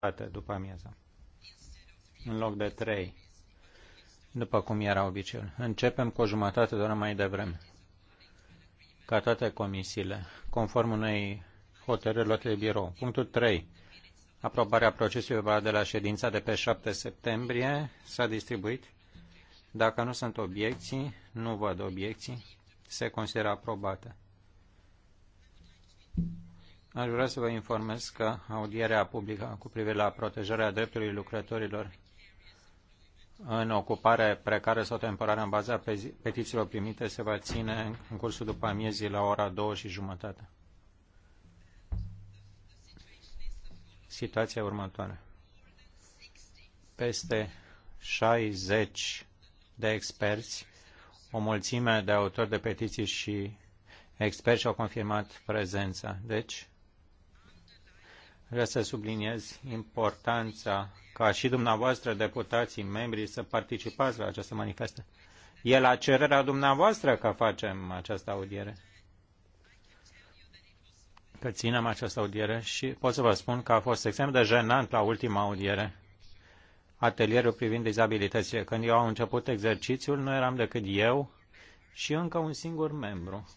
dată după amiază, în loc de trei, după cum era obiceiul. Începem cu o jumătate de oră mai devreme, ca toate comisiile, conform unei hotărâri luate de birou. Punctul 3. Aprobarea procesului va de la ședința de pe 7 septembrie s-a distribuit. Dacă nu sunt obiecții, nu văd obiecții, se consideră aprobată. Aș vrea să vă informez că audierea publică cu privire la protejarea drepturilor lucrătorilor în ocupare precară sau temporară în baza petițiilor primite se va ține în cursul după amiezii la ora două și jumătate. Situația următoare. Peste 60 de experți, o mulțime de autori de petiții și experți au confirmat prezența. Deci, Vreau să subliniez importanța ca și dumneavoastră, deputații, membrii, să participați la această manifestă. E la cererea dumneavoastră că facem această audiere. Că ținem această audiere și pot să vă spun că a fost extrem de jenant la ultima audiere atelierul privind dizabilitățile. Când eu am început exercițiul, nu eram decât eu și încă un singur membru.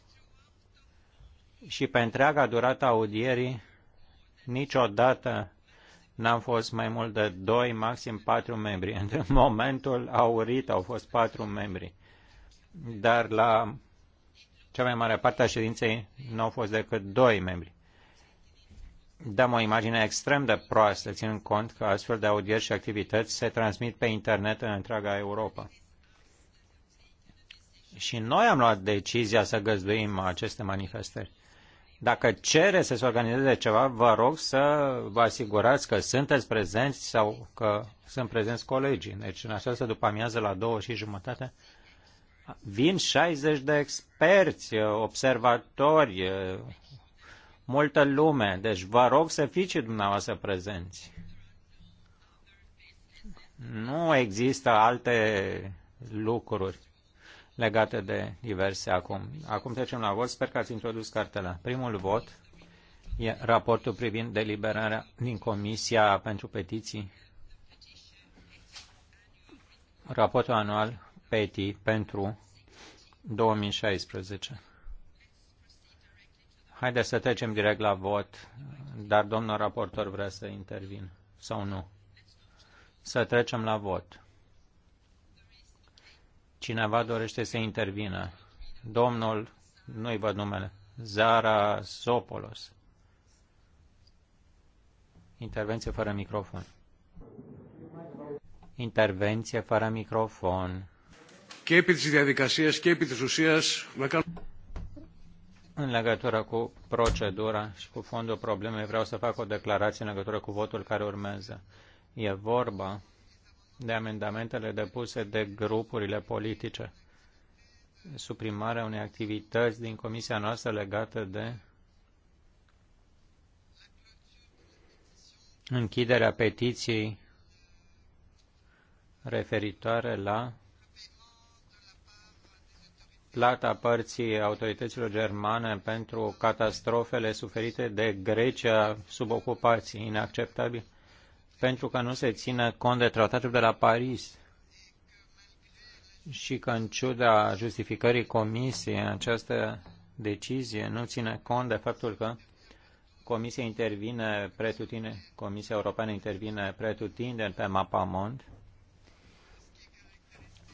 Și pe întreaga durată audierii niciodată n-am fost mai mult de doi, maxim patru membri. În momentul aurit au fost patru membri. Dar la cea mai mare parte a ședinței nu au fost decât doi membri. Dăm o imagine extrem de proastă, ținând cont că astfel de audieri și activități se transmit pe internet în întreaga Europa. Și noi am luat decizia să găzduim aceste manifestări. Dacă cere să se organizeze ceva, vă rog să vă asigurați că sunteți prezenți sau că sunt prezenți colegii. Deci în această după amiază la două și jumătate vin 60 de experți, observatori, multă lume. Deci vă rog să fiți și dumneavoastră prezenți. Nu există alte lucruri legate de diverse acum. Acum trecem la vot. Sper că ați introdus cartela. Primul vot e raportul privind deliberarea din Comisia pentru Petiții. Raportul anual PETI pentru 2016. Haideți să trecem direct la vot, dar domnul raportor vrea să intervin sau nu. Să trecem la vot. Cineva dorește să intervină. Domnul, nu-i văd numele, Zara Sopolos. Intervenție fără microfon. Intervenție fără microfon. în legătură cu procedura și cu fondul problemei, vreau să fac o declarație în legătură cu votul care urmează. E vorba de amendamentele depuse de grupurile politice. Suprimarea unei activități din comisia noastră legată de închiderea petiției referitoare la plata părții autorităților germane pentru catastrofele suferite de Grecia sub ocupație. Inacceptabil pentru că nu se ține cont de tratatul de la Paris și că în ciuda justificării comisiei această decizie nu ține cont de faptul că Comisia intervine pretutine, Comisia Europeană intervine pretutindeni pe mapamont.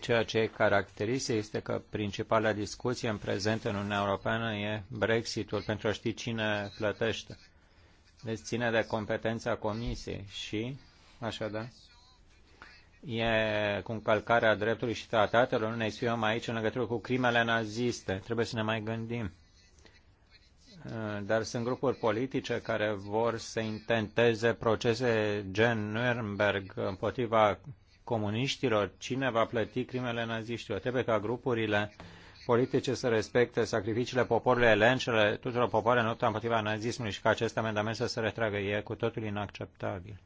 Ceea ce e caracteristic este că principala discuție în prezent în Uniunea Europeană e Brexitul pentru a ști cine plătește. Deci ține de competența comisiei și, așadar, e cu încălcarea dreptului și tratatelor. Ne exprimăm aici în legătură cu crimele naziste. Trebuie să ne mai gândim. Dar sunt grupuri politice care vor să intenteze procese gen Nuremberg împotriva comuniștilor. Cine va plăti crimele naziștilor? Trebuie ca grupurile uh, politice să respecte sacrificiile poporului elen și ale tuturor popoarelor în lupta împotriva nazismului și ca acest amendament să se retragă. E cu totul inacceptabil.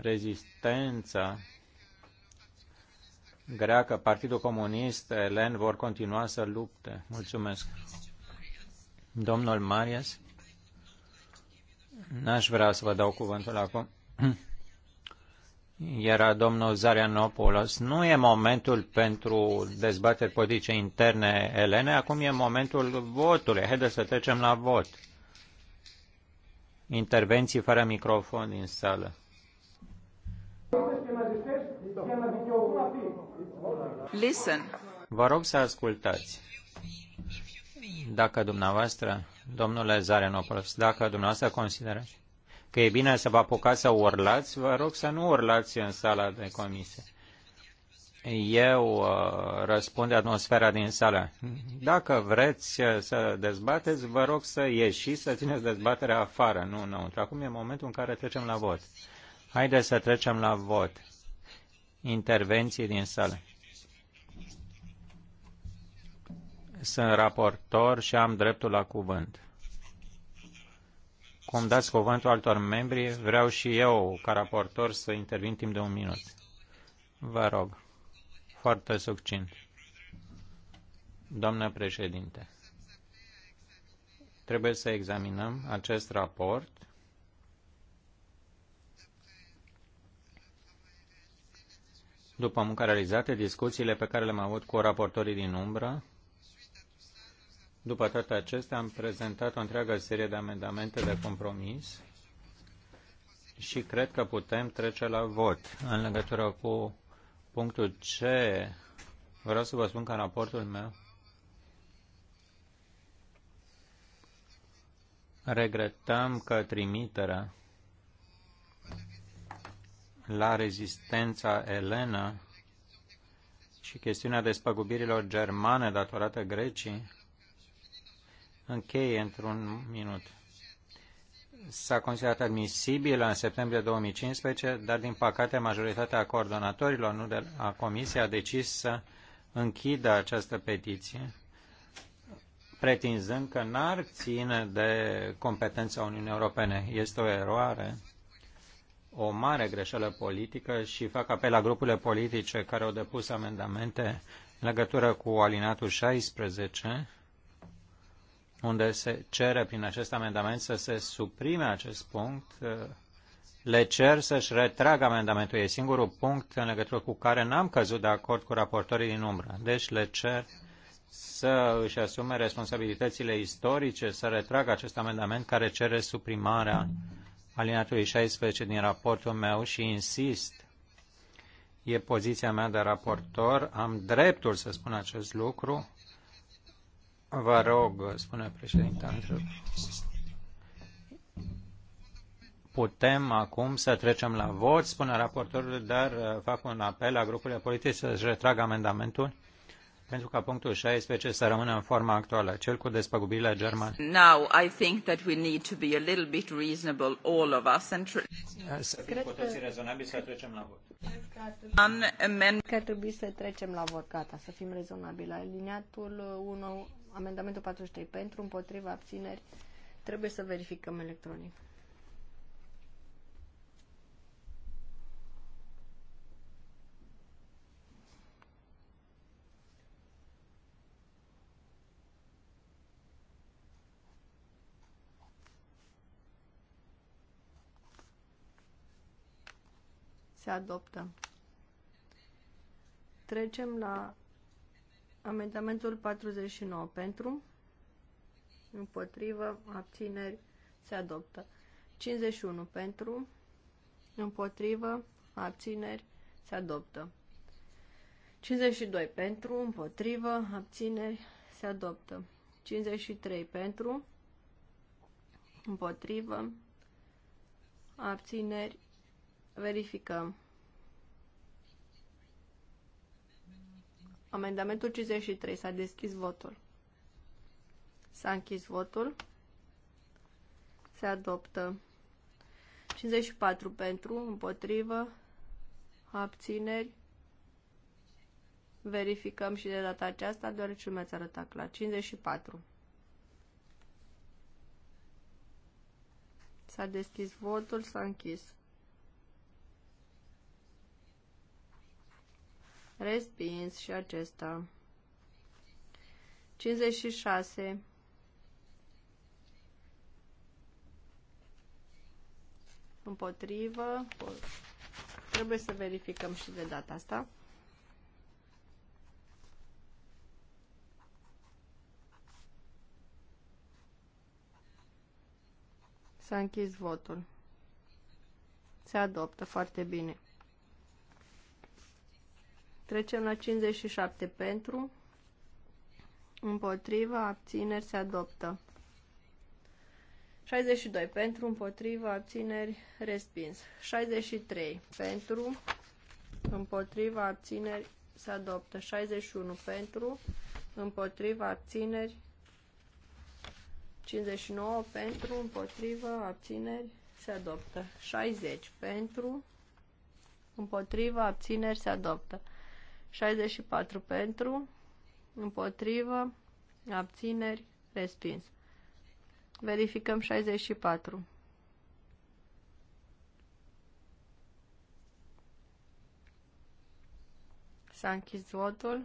Rezistența greacă, Partidul Comunist, elen vor continua să lupte. Mulțumesc. Domnul Marias, n-aș vrea să vă dau cuvântul acum. era domnul Zarianopoulos. Nu e momentul pentru dezbateri politice interne elene, acum e momentul votului. Haideți să trecem la vot. Intervenții fără microfon din sală. Listen. Vă rog să ascultați. Dacă dumneavoastră, domnule Zarianopoulos, dacă dumneavoastră considerați că e bine să vă apucați să urlați, vă rog să nu urlați în sala de comisie. Eu uh, răspund atmosfera din sală. Dacă vreți uh, să dezbateți, vă rog să ieșiți, să țineți dezbaterea afară, nu înăuntru. Acum e momentul în care trecem la vot. Haideți să trecem la vot. Intervenții din sală. Sunt raportor și am dreptul la cuvânt cum dați cuvântul altor membri, vreau și eu, ca raportor, să intervin timp de un minut. Vă rog, foarte succint. Doamnă președinte, trebuie să examinăm acest raport după munca realizată, discuțiile pe care le-am avut cu raportorii din umbră, după toate acestea, am prezentat o întreagă serie de amendamente de compromis și cred că putem trece la vot. În legătură cu punctul C, vreau să vă spun că în raportul meu regretăm că trimiterea la rezistența elenă și chestiunea despăgubirilor germane datorate Grecii încheie într-un minut. S-a considerat admisibilă în septembrie 2015, dar din păcate majoritatea coordonatorilor, nu de la comisie, a decis să închidă această petiție, pretinzând că n-ar ține de competența Uniunii Europene. Este o eroare o mare greșeală politică și fac apel la grupurile politice care au depus amendamente în legătură cu alinatul 16 unde se cere prin acest amendament să se suprime acest punct. Le cer să-și retragă amendamentul. E singurul punct în legătură cu care n-am căzut de acord cu raportorii din umbră. Deci le cer să își asume responsabilitățile istorice, să retragă acest amendament care cere suprimarea alineatului 16 din raportul meu și insist, e poziția mea de raportor, am dreptul să spun acest lucru, Vă rog, spune președinta, putem acum să trecem la vot, spune raportorul, dar uh, fac un apel la grupurile politice să-și retragă amendamentul pentru ca punctul 16 să rămână în forma actuală, cel cu despăgubirile germane. Now I think that we need to be a little bit reasonable all of us and să fim cu toții rezonabili să trecem la vot. Cred că trebuie să trecem la vot, gata, să fim rezonabili. Aliniatul 1 Amendamentul 43 pentru, împotriva, abțineri. Trebuie să verificăm electronic. se adoptă. Trecem la Amendamentul 49 pentru, împotrivă, abțineri, se adoptă. 51 pentru, împotrivă, abțineri, se adoptă. 52 pentru, împotrivă, abțineri, se adoptă. 53 pentru, împotrivă, abțineri, verificăm. Amendamentul 53. S-a deschis votul. S-a închis votul. Se adoptă. 54 pentru, împotrivă, abțineri. Verificăm și de data aceasta, deoarece mi-ați arătat clar. 54. S-a deschis votul, s-a închis. Respins și acesta. 56. Împotrivă. Trebuie să verificăm și de data asta. S-a închis votul. Se adoptă foarte bine. Trecem la 57 pentru, împotriva, abțineri, se adoptă. 62 pentru, împotriva, abțineri, respins. 63 pentru, împotriva, abțineri, se adoptă. 61 pentru, împotriva, abțineri, 59 pentru, împotriva, abțineri, se adoptă. 60 pentru, împotriva, abțineri, se adoptă. 64 pentru, împotrivă, abțineri, respins. Verificăm 64. S-a închis votul.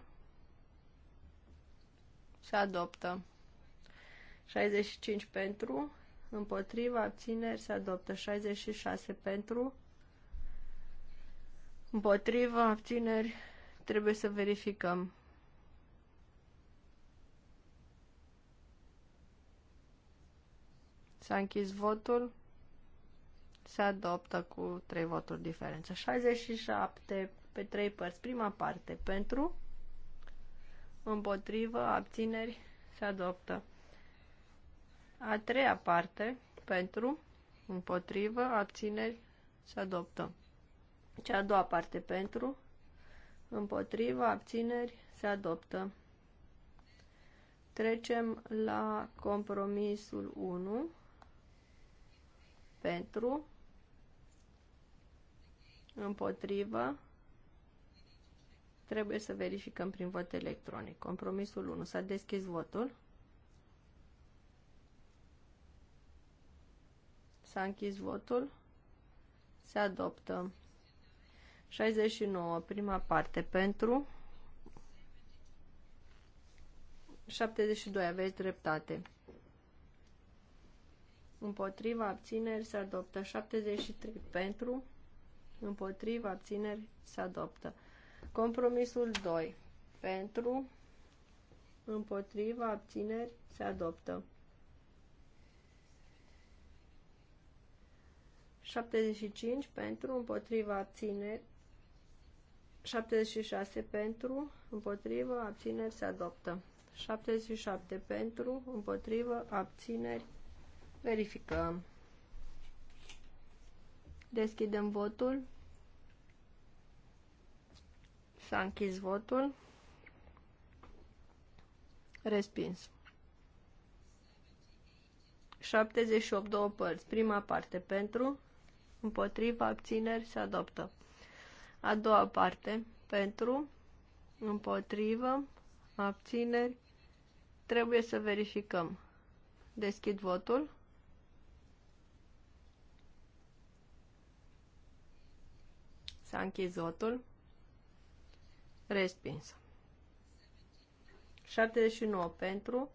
Se adoptă. 65 pentru, împotrivă, abțineri, se adoptă. 66 pentru, împotrivă, abțineri, Trebuie să verificăm. S-a închis votul. Se adoptă cu trei voturi diferență. 67 pe trei părți. Prima parte pentru, împotrivă, abțineri, se adoptă. A treia parte pentru, împotrivă, abțineri, se adoptă. Cea a doua parte pentru, Împotriva abțineri se adoptă. Trecem la compromisul 1 pentru împotrivă trebuie să verificăm prin vot electronic. Compromisul 1. S-a deschis votul. S-a închis votul. Se adoptă. 69, prima parte pentru. 72, aveți dreptate. Împotriva abțineri se adoptă. 73 pentru. Împotriva abțineri se adoptă. Compromisul 2. Pentru. Împotriva abțineri se adoptă. 75 pentru, împotriva abțineri 76 pentru, împotrivă, abțineri, se adoptă. 77 pentru, împotrivă, abțineri, verificăm. Deschidem votul. S-a închis votul. Respins. 78, două părți. Prima parte pentru, împotriva, abțineri, se adoptă. A doua parte, pentru, împotrivă, abțineri, trebuie să verificăm. Deschid votul. S-a închis votul. Respins. 79 pentru,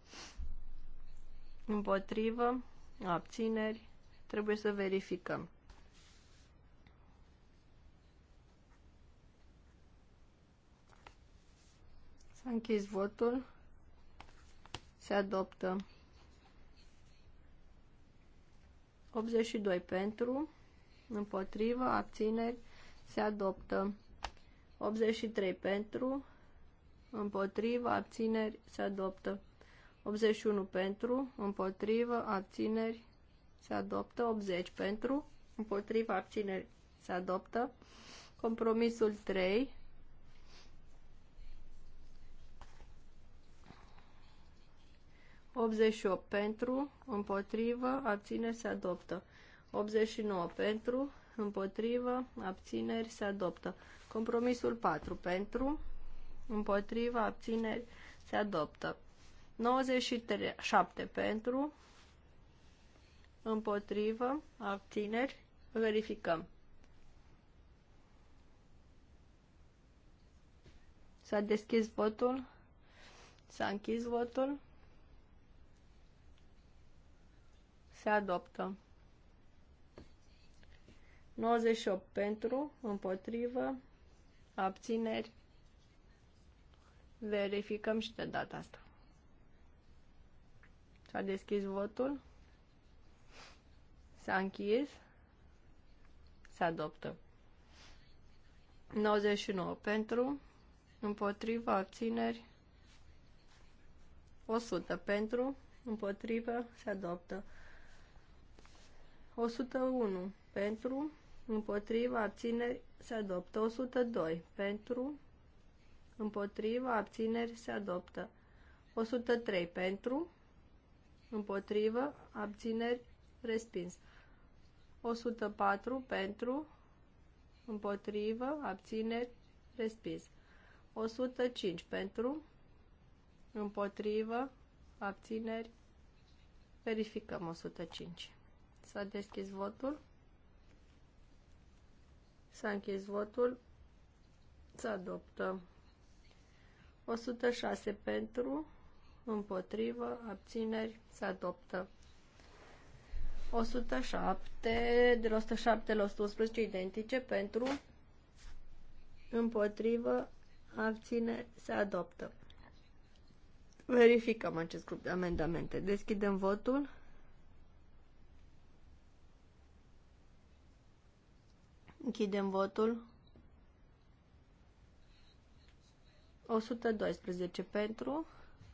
împotrivă, abțineri, trebuie să verificăm. S-a închis votul. Se adoptă. 82 pentru, împotrivă, abțineri, se adoptă. 83 pentru, împotrivă, abțineri, se adoptă. 81 pentru, împotrivă, abțineri, se adoptă. 80 pentru, împotrivă, abțineri, se adoptă. Compromisul 3 88 pentru, împotrivă, abțineri se adoptă. 89 pentru, împotrivă, abțineri se adoptă. Compromisul 4 pentru, împotrivă, abțineri se adoptă. 97 pentru, împotrivă, abțineri, verificăm. S-a deschis votul, s-a închis votul. se adoptă. 98 pentru, împotrivă, abțineri. Verificăm și de data asta. S-a deschis votul. S-a închis. Se adoptă. 99 pentru, împotrivă, abțineri. 100 pentru, împotrivă, se adoptă. 101 pentru, împotriva, abțineri, se adoptă. 102 pentru, împotriva, abțineri, se adoptă. 103 pentru, împotriva abțineri, respins. 104 pentru, împotriva abțineri, respins. 105 pentru, împotriva abțineri, verificăm 105. S-a deschis votul. S-a închis votul. Se adoptă. 106 pentru, împotrivă, abțineri, se adoptă. 107, de la 107 la 111 identice pentru, împotrivă, abține, se adoptă. Verificăm acest grup de amendamente. Deschidem votul. Închidem votul. 112 pentru,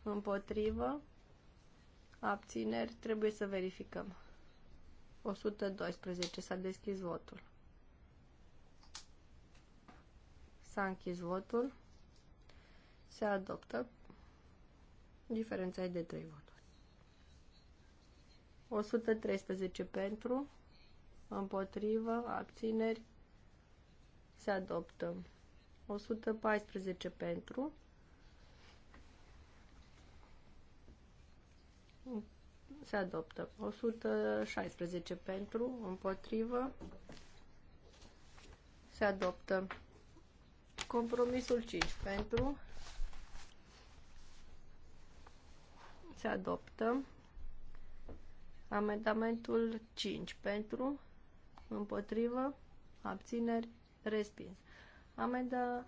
împotrivă, abțineri, trebuie să verificăm. 112, s-a deschis votul. S-a închis votul. Se adoptă. Diferența e de 3 voturi. 113 pentru, împotrivă, abțineri, se adoptă. 114 pentru. Se adoptă. 116 pentru, împotrivă. Se adoptă. Compromisul 5 pentru. Se adoptă. Amendamentul 5 pentru, împotrivă, abțineri, Respins. Amenda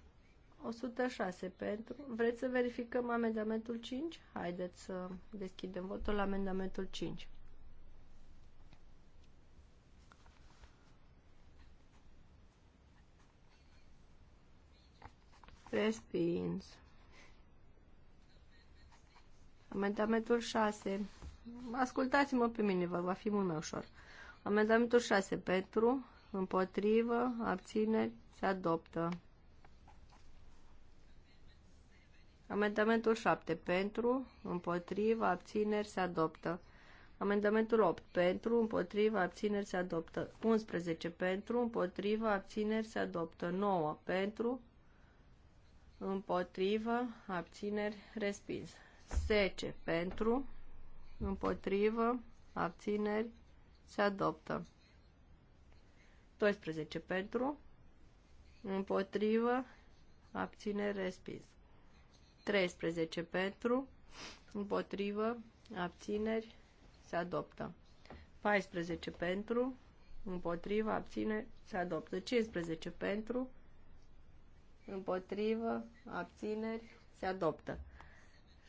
106 pentru. Vreți să verificăm amendamentul 5? Haideți să deschidem votul la amendamentul 5. Respins. Amendamentul 6. Ascultați-mă pe mine, va fi mult mai ușor. Amendamentul 6 pentru, împotrivă, abțineri, se adoptă. Amendamentul 7 pentru, împotrivă, abțineri, se adoptă. Amendamentul 8 pentru, împotrivă, abțineri, se adoptă. 11 pentru, împotrivă, abțineri, se adoptă. 9 pentru, împotrivă, abțineri, respins. 10 pentru, împotrivă, abțineri, se adoptă. 12 pentru, împotrivă, abține, respins. 13 pentru, împotrivă, abțineri, se adoptă. 14 pentru, împotrivă, abțineri, se adoptă. 15 pentru, împotrivă, abțineri, se adoptă.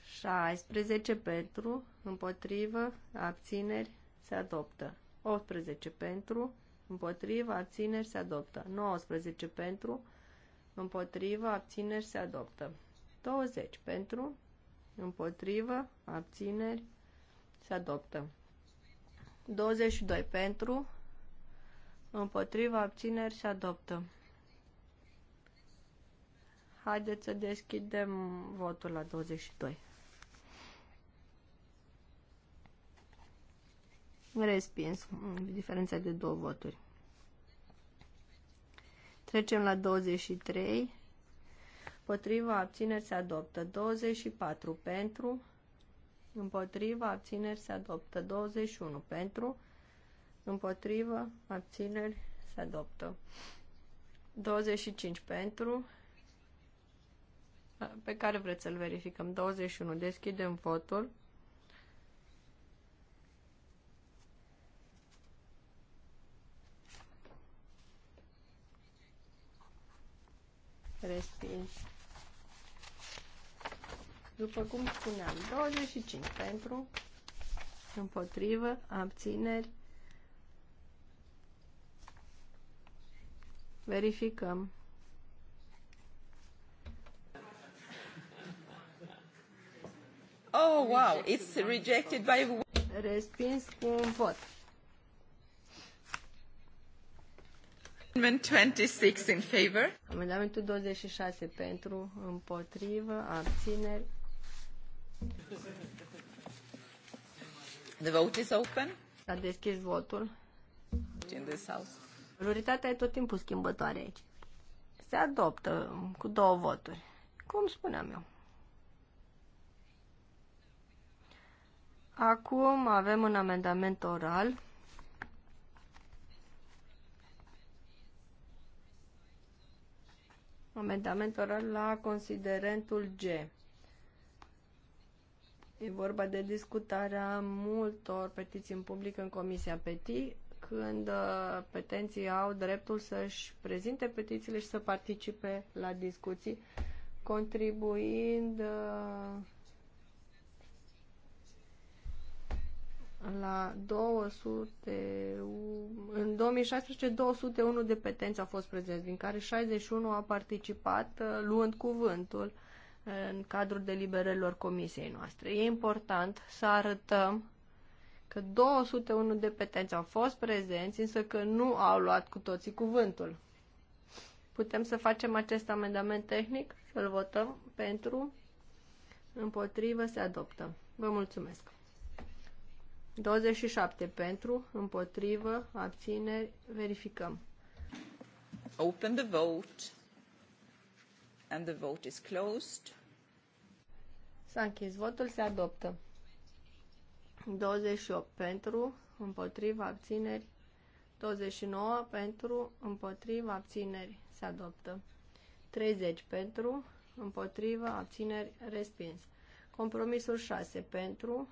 16 pentru, împotrivă, abțineri, se adoptă. 18 pentru, împotriva, abțineri, se adoptă. 19 pentru, împotriva, abțineri, se adoptă. 20 pentru, împotrivă, abțineri, se adoptă. 22 pentru, împotriva, abțineri, se adoptă. Haideți să deschidem votul la 22. Respins. Diferența de două voturi. Trecem la 23. Potriva abțineri se adoptă 24 pentru. Împotriva abțineri se adoptă 21 pentru. Împotriva abțineri se adoptă 25 pentru. Pe care vreți să-l verificăm? 21. Deschidem votul. Respins. După cum spuneam, 25 pentru, împotrivă, abțineri. Verificăm. Oh, wow, it's rejected by... Respins cu un vot. Amendment 26 in favor. Amendamentul 26 pentru, împotrivă, abțineri. The vote is open. S-a deschis votul. In this house. Majoritatea e tot timpul schimbătoare aici. Se adoptă cu două voturi. Cum spuneam eu. Acum avem un amendament oral amendament oral la considerentul G. E vorba de discutarea multor petiții în public în Comisia Peti, când uh, petenții au dreptul să-și prezinte petițiile și să participe la discuții, contribuind uh, la 200, în 2016 201 de petenți au fost prezenți, din care 61 au participat uh, luând cuvântul în cadrul deliberărilor comisiei noastre. E important să arătăm că 201 de petenți au fost prezenți, însă că nu au luat cu toții cuvântul. Putem să facem acest amendament tehnic, să-l votăm pentru, împotrivă, se adoptă. Vă mulțumesc! 27 pentru, împotrivă, abțineri, verificăm. Open the vote. And the vote is closed. S-a închis votul, se adoptă. 28 pentru, împotrivă, abțineri, 29 pentru, împotrivă, abțineri, se adoptă. 30 pentru, împotrivă, abțineri, respins. Compromisul 6 pentru,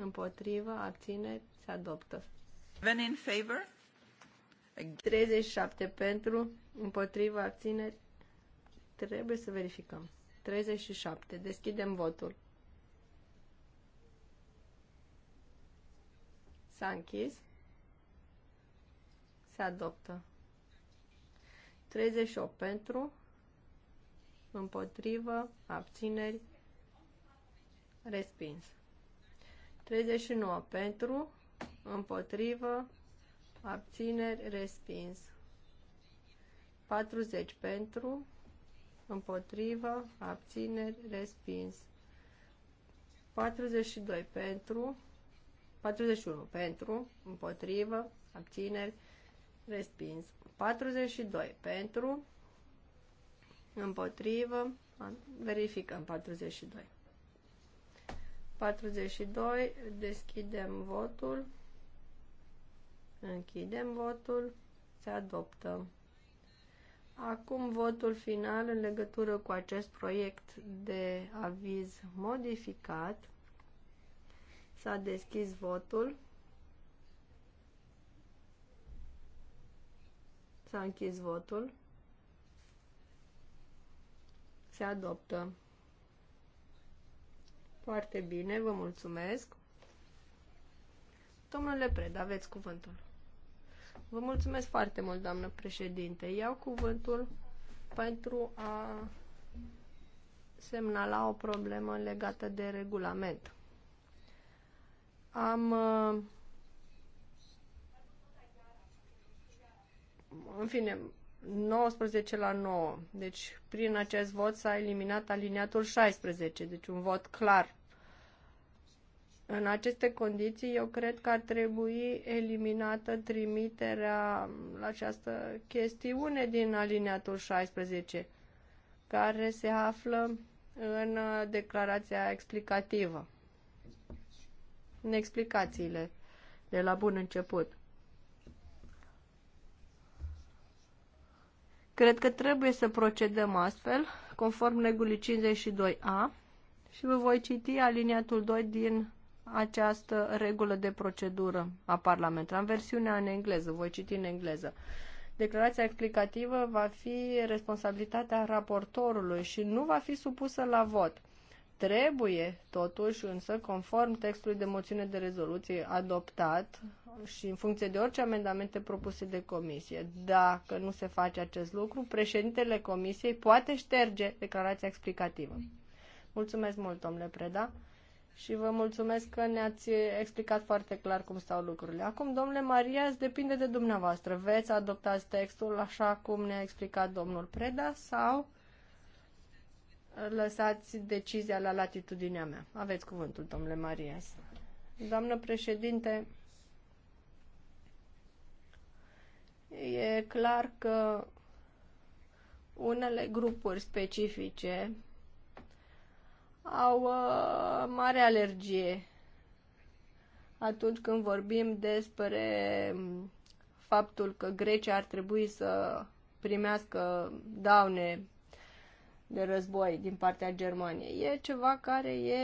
Împotrivă, abțineri, se adoptă. Even in favor? 37 pentru, împotrivă, abțineri. Trebuie să verificăm. 37. Deschidem votul. S-a închis. Se adoptă. 38 pentru, împotrivă, abțineri, respins. 39 pentru, împotrivă, abțineri, respins. 40 pentru, împotrivă, abțineri, respins. 42 pentru, 41 pentru, împotrivă, abțineri, respins. 42 pentru, împotrivă, verificăm 42. 42. Deschidem votul. Închidem votul. Se adoptă. Acum votul final în legătură cu acest proiect de aviz modificat. S-a deschis votul. S-a închis votul. Se adoptă. Foarte bine, vă mulțumesc. Domnule Pred, aveți cuvântul. Vă mulțumesc foarte mult, doamnă președinte. Iau cuvântul pentru a semnala o problemă legată de regulament. Am uh, în fine 19 la 9. Deci prin acest vot s-a eliminat aliniatul 16, deci un vot clar în aceste condiții, eu cred că ar trebui eliminată trimiterea la această chestiune din alineatul 16, care se află în declarația explicativă, în explicațiile de la bun început. Cred că trebuie să procedăm astfel, conform regulii 52A, și vă voi citi aliniatul 2 din această regulă de procedură a Parlamentului. Am versiunea în engleză, voi citi în engleză. Declarația explicativă va fi responsabilitatea raportorului și nu va fi supusă la vot. Trebuie, totuși, însă, conform textului de moțiune de rezoluție adoptat și în funcție de orice amendamente propuse de comisie, dacă nu se face acest lucru, președintele comisiei poate șterge declarația explicativă. Mulțumesc mult, domnule Preda și vă mulțumesc că ne-ați explicat foarte clar cum stau lucrurile. Acum, domnule Maria, depinde de dumneavoastră. Veți adoptați textul așa cum ne-a explicat domnul Preda sau lăsați decizia la latitudinea mea. Aveți cuvântul, domnule Marias. Doamnă președinte, e clar că unele grupuri specifice au uh, mare alergie atunci când vorbim despre um, faptul că Grecia ar trebui să primească daune de război din partea Germaniei. E ceva care e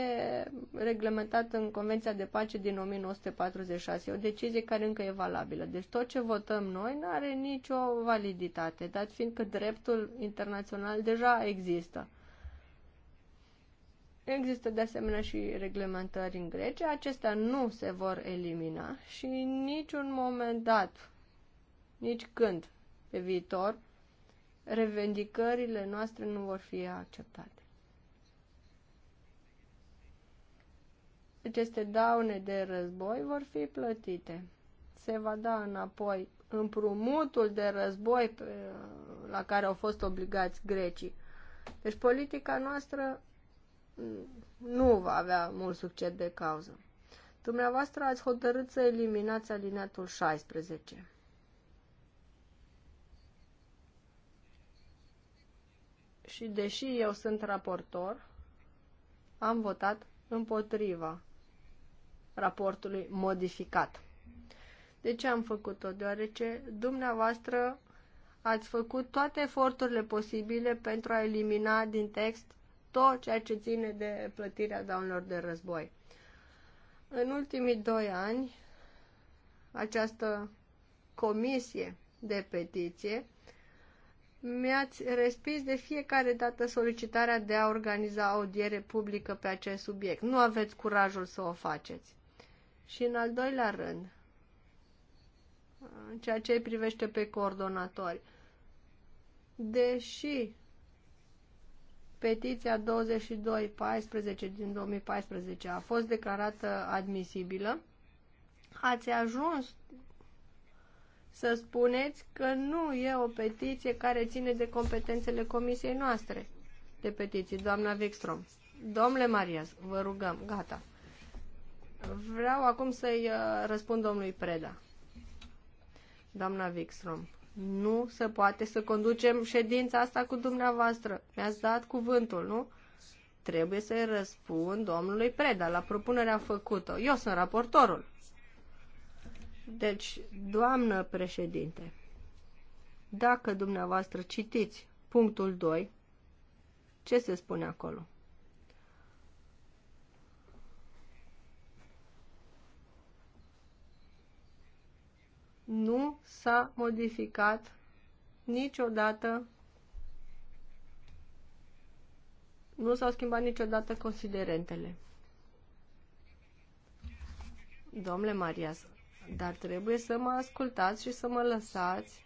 reglementat în Convenția de Pace din 1946. E o decizie care încă e valabilă. Deci tot ce votăm noi nu are nicio validitate, dat fiindcă dreptul internațional deja există. Există de asemenea și reglementări în Grecia, acestea nu se vor elimina și niciun moment dat, nici când, pe viitor, revendicările noastre nu vor fi acceptate. Aceste daune de război vor fi plătite. Se va da înapoi împrumutul de război pe, la care au fost obligați grecii. Deci politica noastră nu va avea mult succes de cauză. Dumneavoastră ați hotărât să eliminați alineatul 16. Și deși eu sunt raportor, am votat împotriva raportului modificat. De ce am făcut-o? Deoarece dumneavoastră ați făcut toate eforturile posibile pentru a elimina din text tot ceea ce ține de plătirea daunelor de război. În ultimii doi ani, această comisie de petiție mi-ați respins de fiecare dată solicitarea de a organiza audiere publică pe acest subiect. Nu aveți curajul să o faceți. Și în al doilea rând, în ceea ce îi privește pe coordonatori, deși Petiția 2214 din 2014 a fost declarată admisibilă. Ați ajuns să spuneți că nu e o petiție care ține de competențele comisiei noastre de petiții, doamna Wikstrom. Domnule Marias, vă rugăm, gata. Vreau acum să-i uh, răspund domnului Preda. Doamna Wikstrom, nu se poate să conducem ședința asta cu dumneavoastră. Mi-ați dat cuvântul, nu? Trebuie să-i răspund domnului Preda la propunerea făcută. Eu sunt raportorul. Deci, doamnă președinte, dacă dumneavoastră citiți punctul 2, ce se spune acolo? nu s-a modificat niciodată, nu s-au schimbat niciodată considerentele. Domnule Marias, dar trebuie să mă ascultați și să mă lăsați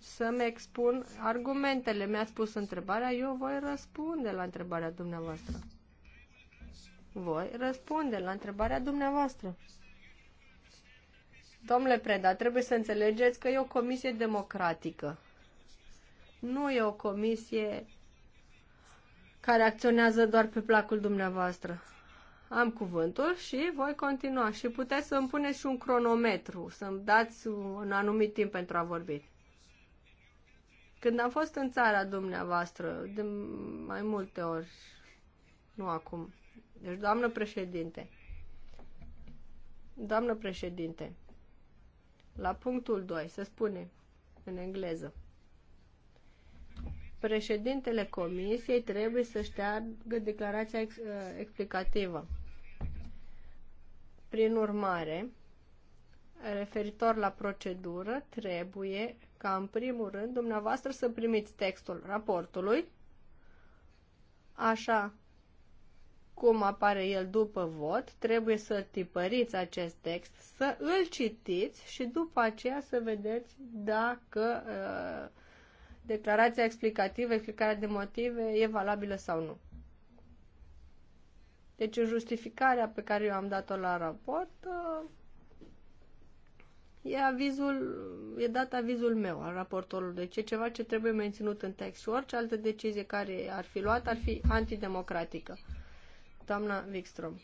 să-mi expun argumentele. Mi-ați pus întrebarea, eu voi răspunde la întrebarea dumneavoastră. Voi răspunde la întrebarea dumneavoastră. Domnule Preda, trebuie să înțelegeți că e o comisie democratică. Nu e o comisie care acționează doar pe placul dumneavoastră. Am cuvântul și voi continua. Și puteți să îmi puneți și un cronometru, să-mi dați un anumit timp pentru a vorbi. Când am fost în țara dumneavoastră, de mai multe ori, nu acum. Deci, doamnă președinte, doamnă președinte, la punctul 2 se spune în engleză. Președintele comisiei trebuie să șteargă declarația ex, uh, explicativă. Prin urmare, referitor la procedură, trebuie ca în primul rând dumneavoastră să primiți textul raportului, așa cum apare el după vot, trebuie să tipăriți acest text, să îl citiți și după aceea să vedeți dacă uh, declarația explicativă, explicarea de motive e valabilă sau nu. Deci justificarea pe care eu am dat-o la raport uh, e avizul, e dat avizul meu al raportorului. Deci e ceva ce trebuie menținut în text și orice altă decizie care ar fi luată ar fi antidemocratică doamna Wikström.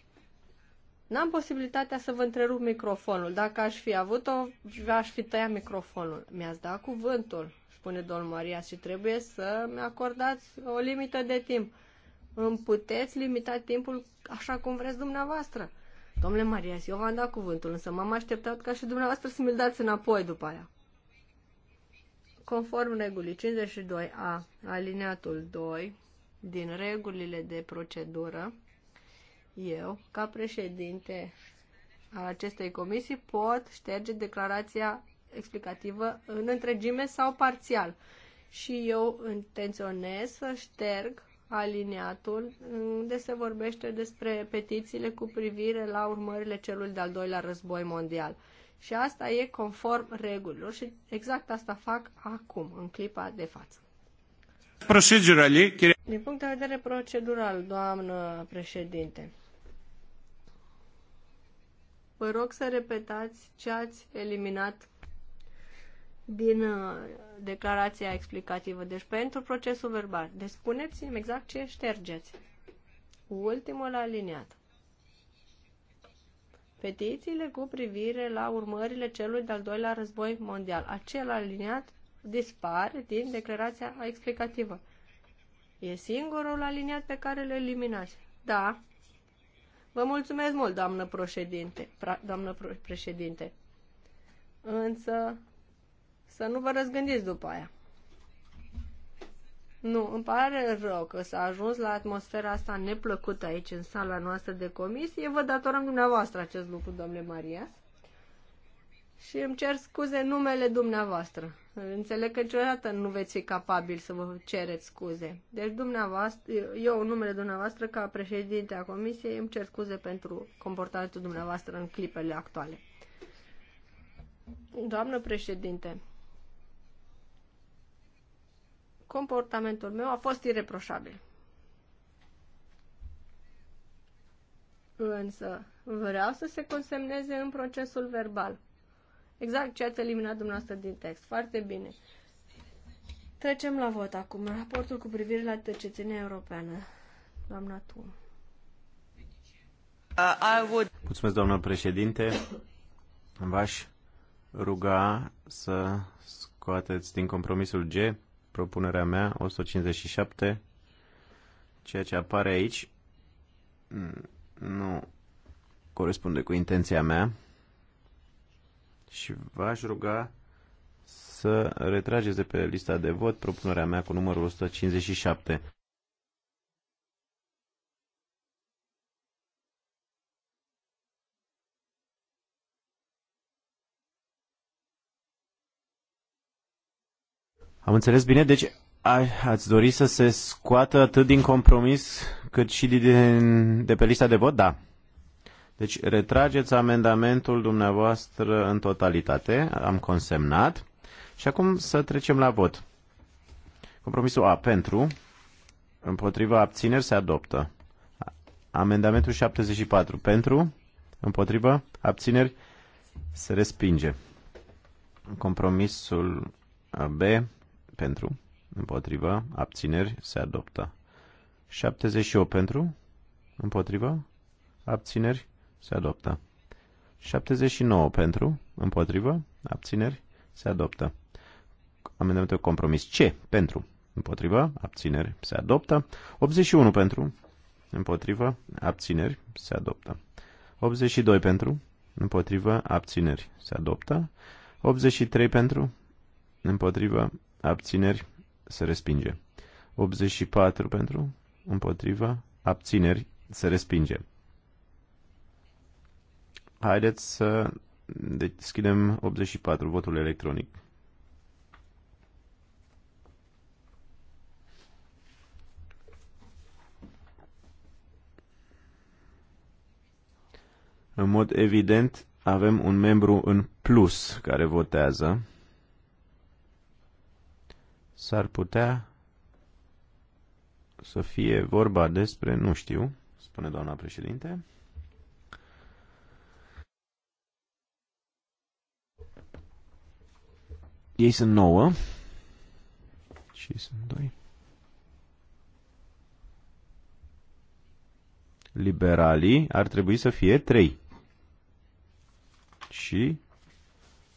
N-am posibilitatea să vă întrerup microfonul. Dacă aș fi avut-o, aș fi tăiat microfonul. Mi-ați dat cuvântul, spune domnul Maria, și trebuie să-mi acordați o limită de timp. Îmi puteți limita timpul așa cum vreți dumneavoastră. Domnule Maria, eu v-am dat cuvântul, însă m-am așteptat ca și dumneavoastră să mi-l dați înapoi după aia. Conform regulii 52a, alineatul 2, din regulile de procedură, eu, ca președinte al acestei comisii, pot șterge declarația explicativă în întregime sau parțial. Și eu intenționez să șterg aliniatul unde se vorbește despre petițiile cu privire la urmările celui de-al doilea război mondial. Și asta e conform regulilor și exact asta fac acum, în clipa de față. Din punct de vedere procedural, doamnă președinte, Vă rog să repetați ce ați eliminat din uh, declarația explicativă. Deci pentru procesul verbal. Deci spuneți-mi exact ce ștergeți. Ultimul aliniat. Petițiile cu privire la urmările celui de-al doilea război mondial. Acel aliniat dispare din declarația explicativă. E singurul aliniat pe care îl eliminați. Da, Vă mulțumesc mult, doamnă președinte. Doamnă președinte. Însă, să nu vă răzgândiți după aia. Nu, îmi pare rău că s-a ajuns la atmosfera asta neplăcută aici, în sala noastră de comisie. Vă datorăm dumneavoastră acest lucru, domnule Marias și îmi cer scuze numele dumneavoastră. Înțeleg că niciodată nu veți fi capabil să vă cereți scuze. Deci dumneavoastră, eu în numele dumneavoastră ca președinte a comisiei îmi cer scuze pentru comportamentul dumneavoastră în clipele actuale. Doamnă președinte, comportamentul meu a fost ireproșabil. Însă vreau să se consemneze în procesul verbal Exact ce ați eliminat dumneavoastră din text. Foarte bine. Trecem la vot acum. Raportul cu privire la cetățenia europeană. Doamna Tum. Uh, Mulțumesc, doamnă președinte. V-aș ruga să scoateți din compromisul G propunerea mea 157 ceea ce apare aici mm, nu corespunde cu intenția mea și v-aș ruga să retrageți de pe lista de vot propunerea mea cu numărul 157. Am înțeles bine, deci a, ați dori să se scoată atât din compromis cât și din, de pe lista de vot? Da. Deci retrageți amendamentul dumneavoastră în totalitate, am consemnat. Și acum să trecem la vot. Compromisul A pentru, împotriva abțineri se adoptă. Amendamentul 74 pentru, împotriva abțineri se respinge. Compromisul B pentru, împotriva abțineri se adoptă. 78 pentru, împotriva abțineri se adoptă. 79 pentru, împotrivă, abțineri, se adoptă. Amendamentul compromis C pentru, împotrivă, abțineri, se adoptă. 81 pentru, împotrivă, abțineri, se adoptă. 82 pentru, împotrivă, abțineri, se adoptă. 83 pentru, împotrivă, abțineri, se respinge. 84 pentru, împotrivă, abțineri, se respinge. Haideți să deschidem 84, votul electronic. În mod evident, avem un membru în plus care votează. S-ar putea să fie vorba despre, nu știu, spune doamna președinte. Ei sunt 9 și sunt 2. Liberalii ar trebui să fie 3. Și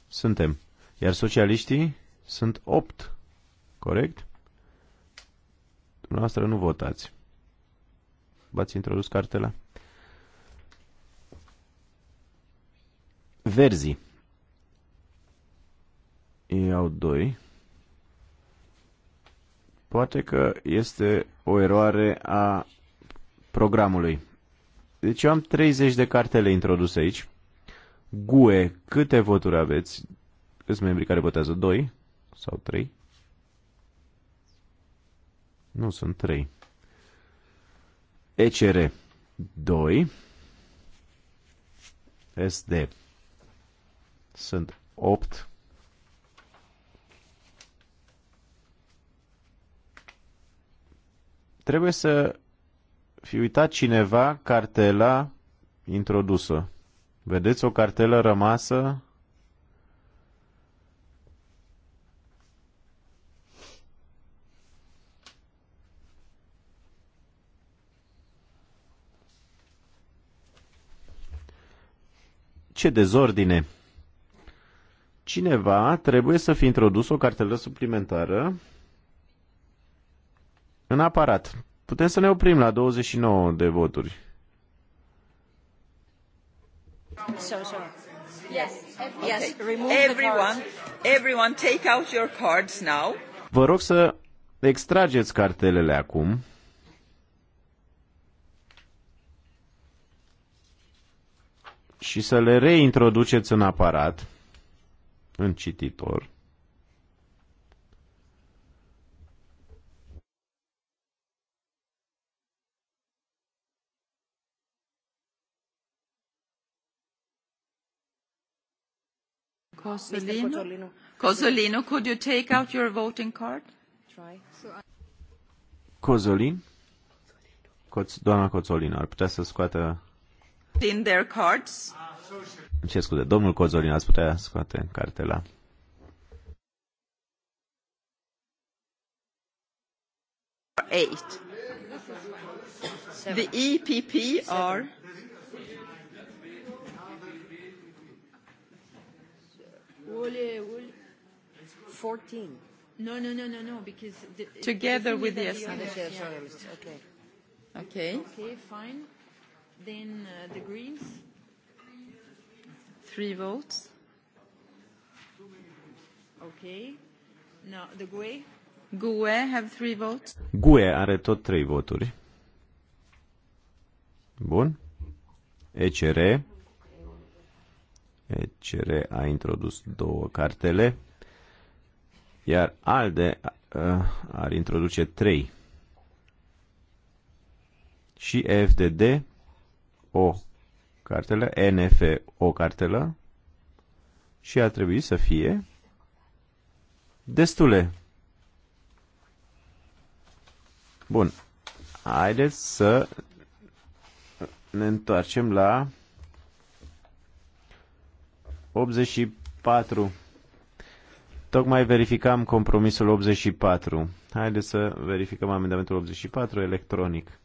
suntem. Iar socialiștii sunt 8. Corect? Dumneavoastră nu votați. V-ați introdus cartela? Verzii ei au doi. Poate că este o eroare a programului. Deci eu am 30 de cartele introduse aici. GUE, câte voturi aveți? Câți membri care votează? 2 sau 3? Nu, sunt 3. ECR 2. SD sunt 8 trebuie să fi uitat cineva cartela introdusă. Vedeți o cartelă rămasă? Ce dezordine! Cineva trebuie să fi introdus o cartelă suplimentară în aparat. Putem să ne oprim la 29 de voturi. So, so. Yes. Yes. Everyone, everyone take out your cards now. Vă rog să extrageți cartelele acum. și să le reintroduceți în aparat, în cititor. Cozzolino. could you take out your voting card? Try. Uh, Cozolin? doamna Cozolin ar putea să scoată... In their cards. Ce scuze, domnul Cozolin ar putea scoate cartela. Eight. The EPP are 14. No, no, no, no, no, because... The, Together with the Yes. Yeah. Okay. Okay. Okay, fine. Then uh, the Greens. Three votes. Okay. No, the GUE. GUE have three votes. GUE are tot trei voturi. Bun. ECR ECR a introdus două cartele, iar ALDE uh, ar introduce trei. Și FDD o cartelă, NF o cartelă și ar trebui să fie destule. Bun, haideți să ne întoarcem la 84. Tocmai verificam compromisul 84. Haideți să verificăm amendamentul 84 electronic.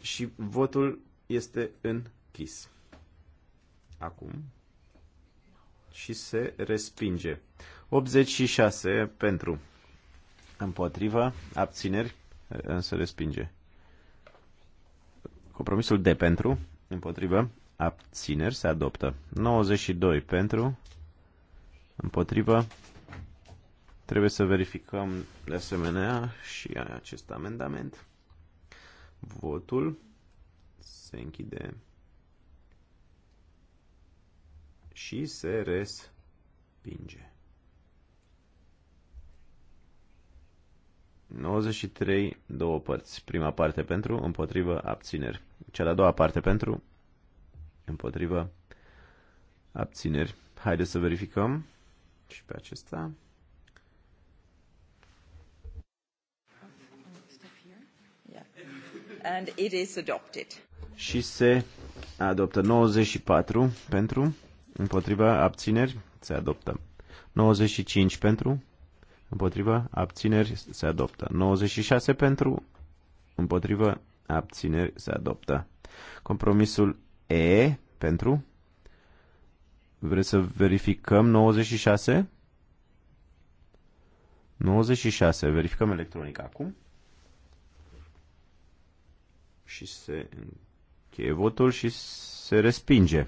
Și votul este închis. Acum. Și se respinge. 86 pentru. Împotriva. Abțineri. Însă respinge. Compromisul D pentru. Împotrivă. Abțineri se adoptă. 92 pentru. Împotrivă. Trebuie să verificăm de asemenea și acest amendament. Votul se închide și se respinge. 93, două părți. Prima parte pentru, împotrivă, abțineri. Cea de-a doua parte pentru, împotrivă, abțineri. Haideți să verificăm și pe acesta. And it is adopted. Și se adoptă 94 pentru, împotriva abțineri, se adoptă. 95 pentru, Împotrivă, abțineri, se adoptă. 96 pentru, împotrivă, abțineri, se adoptă. Compromisul E pentru. Vreți să verificăm 96? 96. Verificăm electronic acum. Și se încheie votul și se respinge.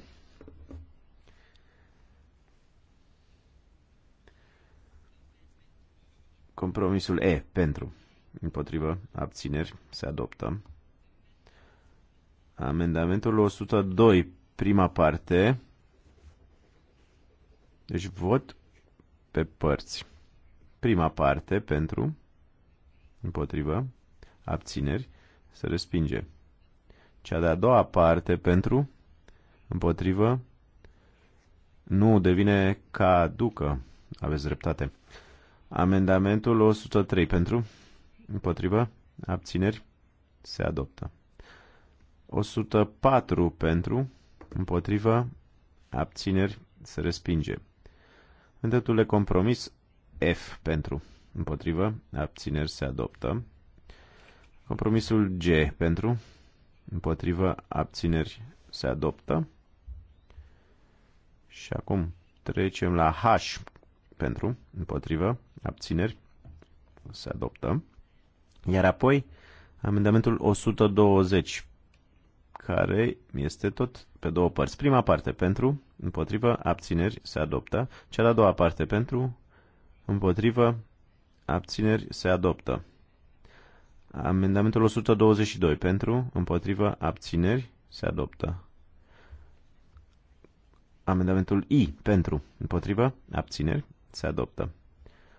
Compromisul E pentru. Împotrivă. Abțineri. Se adoptă. Amendamentul 102, prima parte. Deci vot pe părți. Prima parte pentru. Împotrivă. Abțineri. Se respinge. Cea de-a doua parte pentru. Împotrivă. Nu devine caducă. Aveți dreptate. Amendamentul 103 pentru, împotrivă, abțineri, se adoptă. 104 pentru, împotrivă, abțineri, se respinge. Îndreptul de compromis F pentru, împotrivă, abțineri, se adoptă. Compromisul G pentru, împotrivă, abțineri, se adoptă. Și acum trecem la H pentru, împotrivă, abțineri, se adoptă. Iar apoi amendamentul 120, care este tot pe două părți. Prima parte pentru, împotrivă, abțineri, se adoptă. Cea de-a doua parte pentru, împotrivă, abțineri, se adoptă. Amendamentul 122 pentru, împotrivă, abțineri, se adoptă. Amendamentul I pentru, împotrivă, abțineri, se adoptă.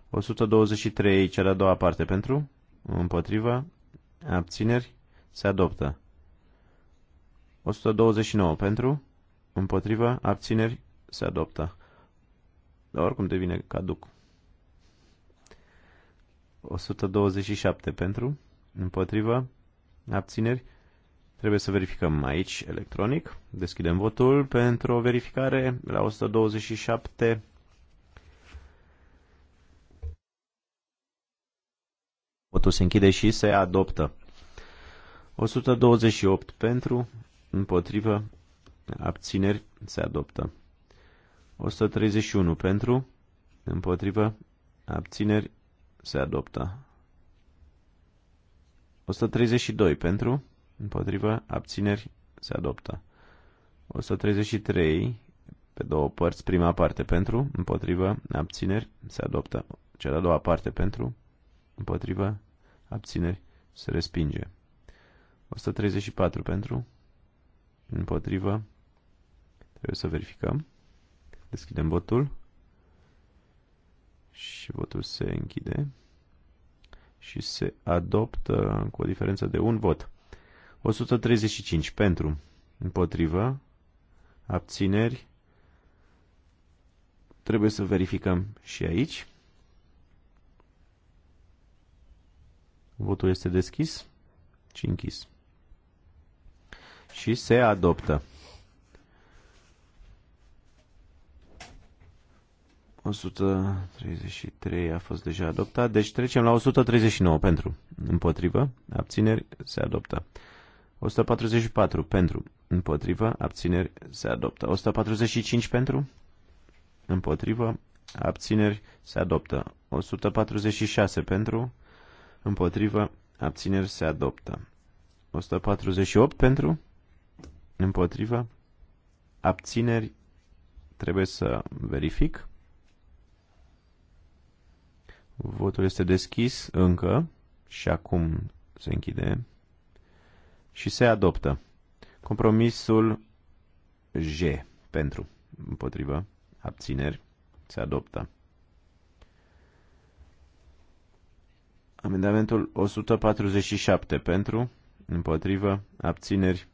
123, cea de-a doua parte pentru, împotriva, abțineri, se adoptă. 129 pentru, împotriva, abțineri, se adoptă. Dar oricum devine caduc. 127 pentru, împotriva, abțineri. Trebuie să verificăm aici electronic. Deschidem votul pentru o verificare la 127 Votul se închide și se adoptă. 128 pentru, împotrivă, abțineri, se adoptă. 131 pentru, împotrivă, abțineri, se adoptă. 132 pentru, împotrivă, abțineri, se adoptă. 133 pe două părți, prima parte pentru, împotrivă, abțineri, se adoptă. Cea de-a doua parte pentru, împotrivă, abțineri, se respinge. 134 pentru, împotrivă, trebuie să verificăm. Deschidem votul și votul se închide și se adoptă cu o diferență de un vot. 135 pentru, împotrivă, abțineri, trebuie să verificăm și aici. Votul este deschis și închis. Și se adoptă. 133 a fost deja adoptat, deci trecem la 139 pentru, împotrivă, abțineri, se adoptă. 144 pentru, împotrivă, abțineri, se adoptă. 145 pentru, împotrivă, abțineri, se adoptă. 146 pentru, împotrivă, abțineri se adoptă. 148 pentru, împotrivă, abțineri trebuie să verific. Votul este deschis încă și acum se închide și se adoptă. Compromisul J pentru împotrivă abțineri se adoptă. Amendamentul 147 pentru, împotrivă, abțineri,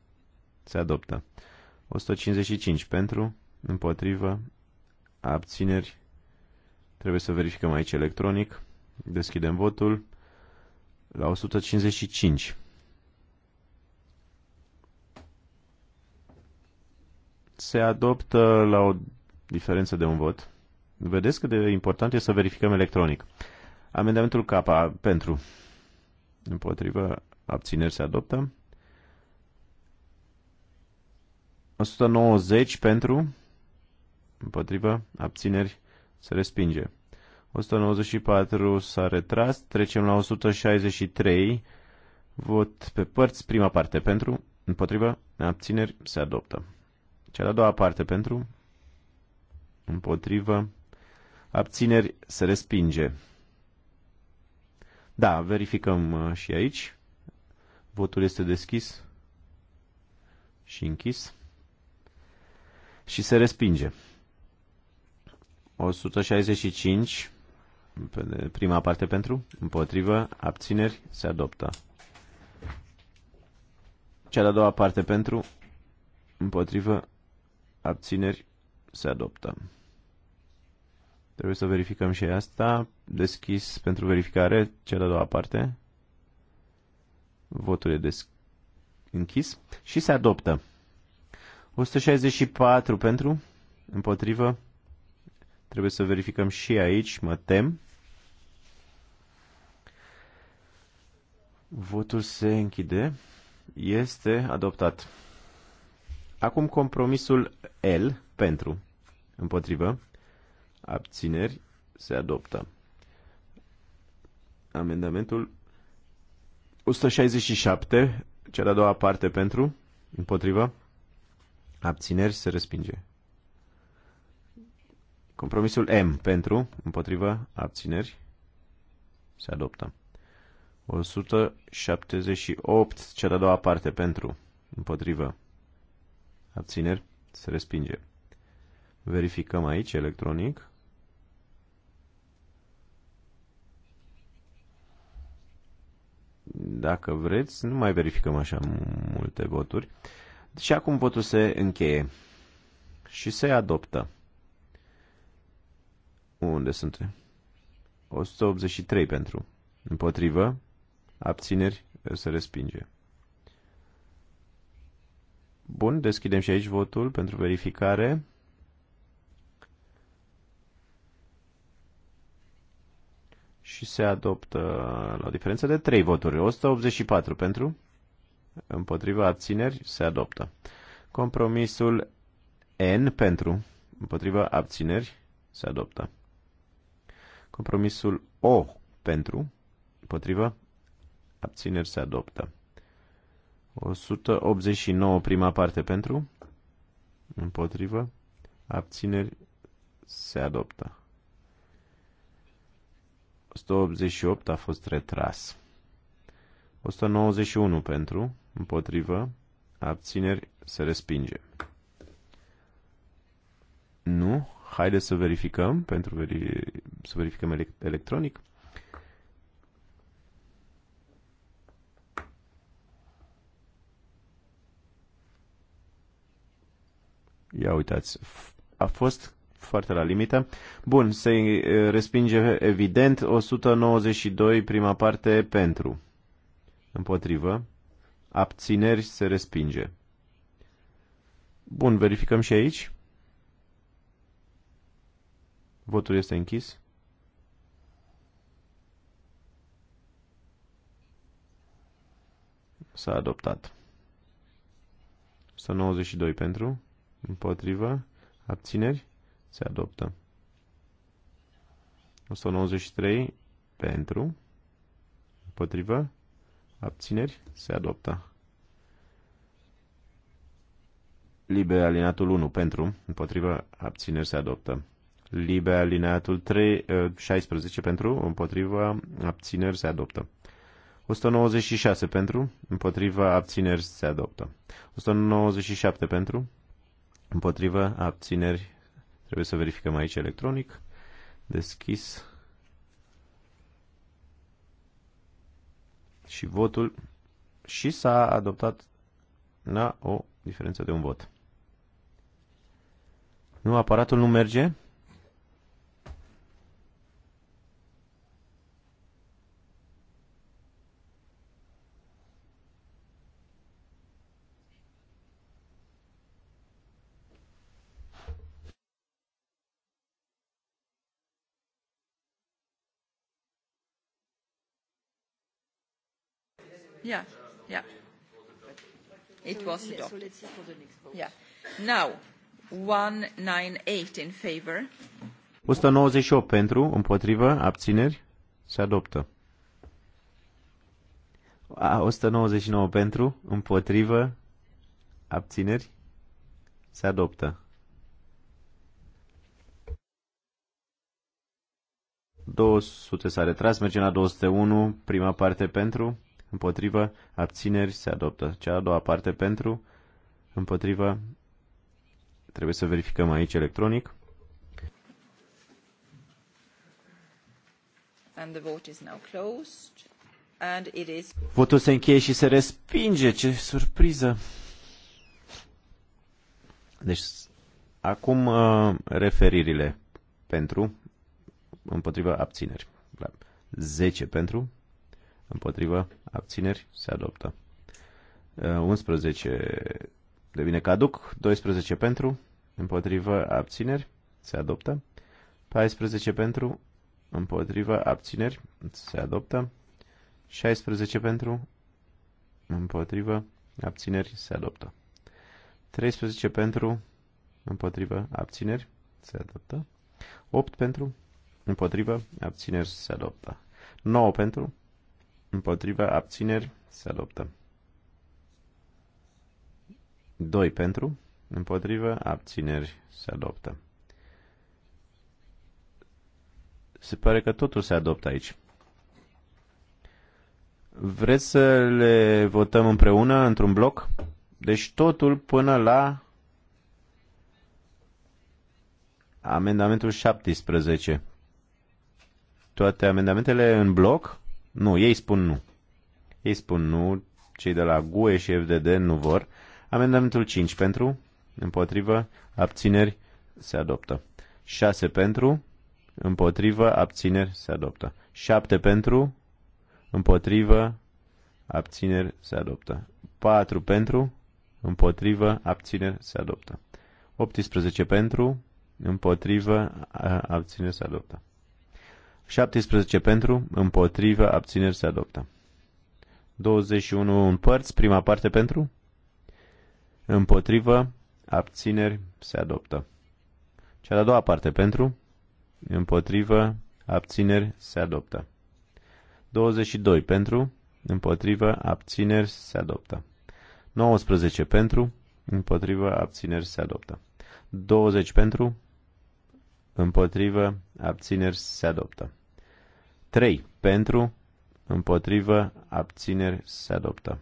se adoptă. 155 pentru, împotrivă, abțineri, trebuie să verificăm aici electronic. Deschidem votul la 155. Se adoptă la o diferență de un vot. Vedeți cât de important e să verificăm electronic. Amendamentul K pentru. Împotrivă. Abțineri se adoptă. 190 pentru. Împotrivă. Abțineri se respinge. 194 s-a retras. Trecem la 163. Vot pe părți. Prima parte pentru. Împotrivă. Abțineri se adoptă. Cea de-a doua parte pentru. Împotrivă. Abțineri se respinge. Da, verificăm uh, și aici. Votul este deschis și închis și se respinge. 165 prima parte pentru, împotrivă, abțineri, se adoptă. Cea de-a doua parte pentru, împotrivă, abțineri, se adoptă. Trebuie să verificăm și asta. Deschis pentru verificare, cea de-a doua parte. Votul e închis și se adoptă. 164 pentru, împotrivă. Trebuie să verificăm și aici, mă tem. Votul se închide. Este adoptat. Acum compromisul L pentru, împotrivă abțineri, se adoptă. Amendamentul 167, cea de-a doua parte pentru, împotrivă, abțineri, se respinge. Compromisul M pentru, împotrivă, abțineri, se adoptă. 178, cea de-a doua parte pentru, împotrivă, abțineri, se respinge. Verificăm aici electronic. Dacă vreți, nu mai verificăm așa multe voturi. Și acum votul se încheie și se adoptă. Unde sunt? 183 pentru. Împotrivă. Abțineri. Se respinge. Bun, deschidem și aici votul pentru verificare. și se adoptă la o diferență de 3 voturi. 184 pentru, împotriva abțineri, se adoptă. Compromisul N pentru, împotriva abțineri, se adoptă. Compromisul O pentru, împotriva abțineri, se adoptă. 189 prima parte pentru, împotriva abțineri, se adoptă. 188 a fost retras. 191 pentru, împotrivă, abțineri, se respinge. Nu, haideți să verificăm, pentru veri... să verificăm electronic. Ia uitați, a fost foarte la limită. Bun, se eh, respinge evident 192 prima parte pentru. Împotrivă. Abțineri se respinge. Bun, verificăm și aici. Votul este închis. S-a adoptat. 192 pentru, împotrivă, abțineri, se adoptă. 193 pentru, împotrivă, abțineri, se adoptă. Libe alineatul 1 pentru, împotrivă, abțineri, se adoptă. Libe alineatul 3, 16 pentru, împotrivă, abțineri, se adoptă. 196 pentru, împotrivă, abțineri se adoptă. 197 pentru, împotrivă, abțineri Trebuie să verificăm aici electronic. Deschis. Și votul. Și s-a adoptat na o diferență de un vot. Nu, aparatul nu merge? It was adopted. Yeah. Now, 198 in favor. 198 pentru, împotrivă, abțineri, se adoptă. 199 pentru, împotrivă, abțineri, se adoptă. 200 s-a retras, mergem la 201, prima parte pentru, împotrivă, abțineri, se adoptă. Cea a doua parte pentru, împotrivă, trebuie să verificăm aici electronic. And the vote is now closed. And it is... Votul se încheie și se respinge, ce surpriză! Deci, acum uh, referirile pentru, împotrivă, abțineri. 10 pentru, Împotrivă. Abțineri. Se adoptă. 11 uh, devine caduc. 12 pentru. Împotrivă. Abțineri. Se adoptă. 14 pentru. Împotrivă. Abțineri. Se adoptă. 16 pentru. Împotrivă. Abțineri. Se adoptă. 13 pentru. Împotrivă. Abțineri. Se adoptă. 8 pentru. Împotrivă. Abțineri. Se adoptă. 9 pentru Împotriva abțineri se adoptă. 2 pentru. Împotriva abțineri se adoptă. Se pare că totul se adoptă aici. Vreți să le votăm împreună, într-un bloc? Deci totul până la amendamentul 17. Toate amendamentele în bloc nu, ei spun nu. Ei spun nu, cei de la GUE și FDD nu vor. Amendamentul 5 pentru, împotrivă, abțineri, se adoptă. 6 pentru, împotrivă, abțineri, se adoptă. 7 pentru, împotrivă, abțineri, se adoptă. 4 pentru, împotrivă, abțineri, se adoptă. 18 pentru, împotrivă, abțineri, se adoptă. 17 pentru, împotrivă, abțineri se adoptă. 21 în părți, prima parte pentru, împotrivă, abțineri se adoptă. Cea de-a doua parte pentru, împotrivă, abțineri se adoptă. 22 pentru, împotrivă, abțineri se adoptă. 19 pentru, împotrivă, abțineri se adoptă. 20 pentru, împotrivă, abțineri se adoptă. 3 pentru, împotrivă, abțineri, se adoptă.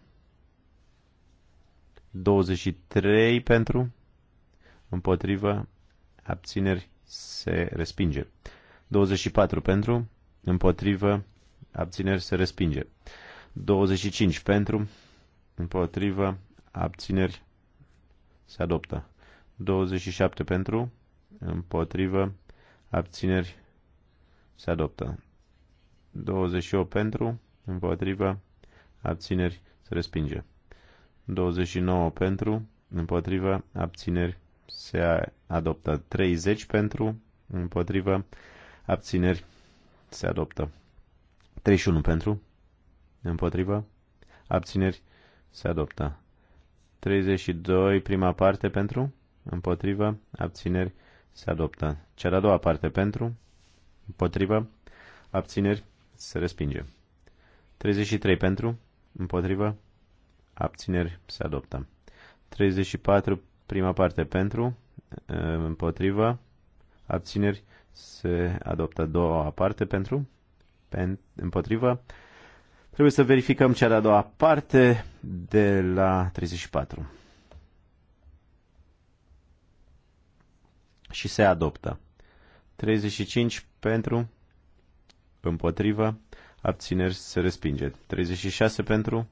23 pentru, împotrivă, abțineri, se respinge. 24 pentru, împotrivă, abțineri, se respinge. 25 pentru, împotrivă, abțineri, se adoptă. 27 pentru, împotrivă, abțineri, se adoptă. 28 pentru, împotrivă, abțineri, se respinge. 29 pentru, împotrivă, abțineri, se adoptă. 30 pentru, împotrivă, abțineri, se adoptă. 31 pentru, împotrivă, abțineri, se adoptă. 32, prima parte pentru, împotrivă, abțineri, se adoptă. Cea de-a doua parte pentru, împotrivă, abțineri, se respinge. 33 pentru, împotrivă, abțineri, se adoptă. 34, prima parte pentru, împotrivă, abțineri, se adoptă. Doua parte pentru, pen, împotrivă. Trebuie să verificăm cea de-a doua parte de la 34. Și se adoptă. 35 pentru, împotrivă, abțineri se respinge. 36 pentru,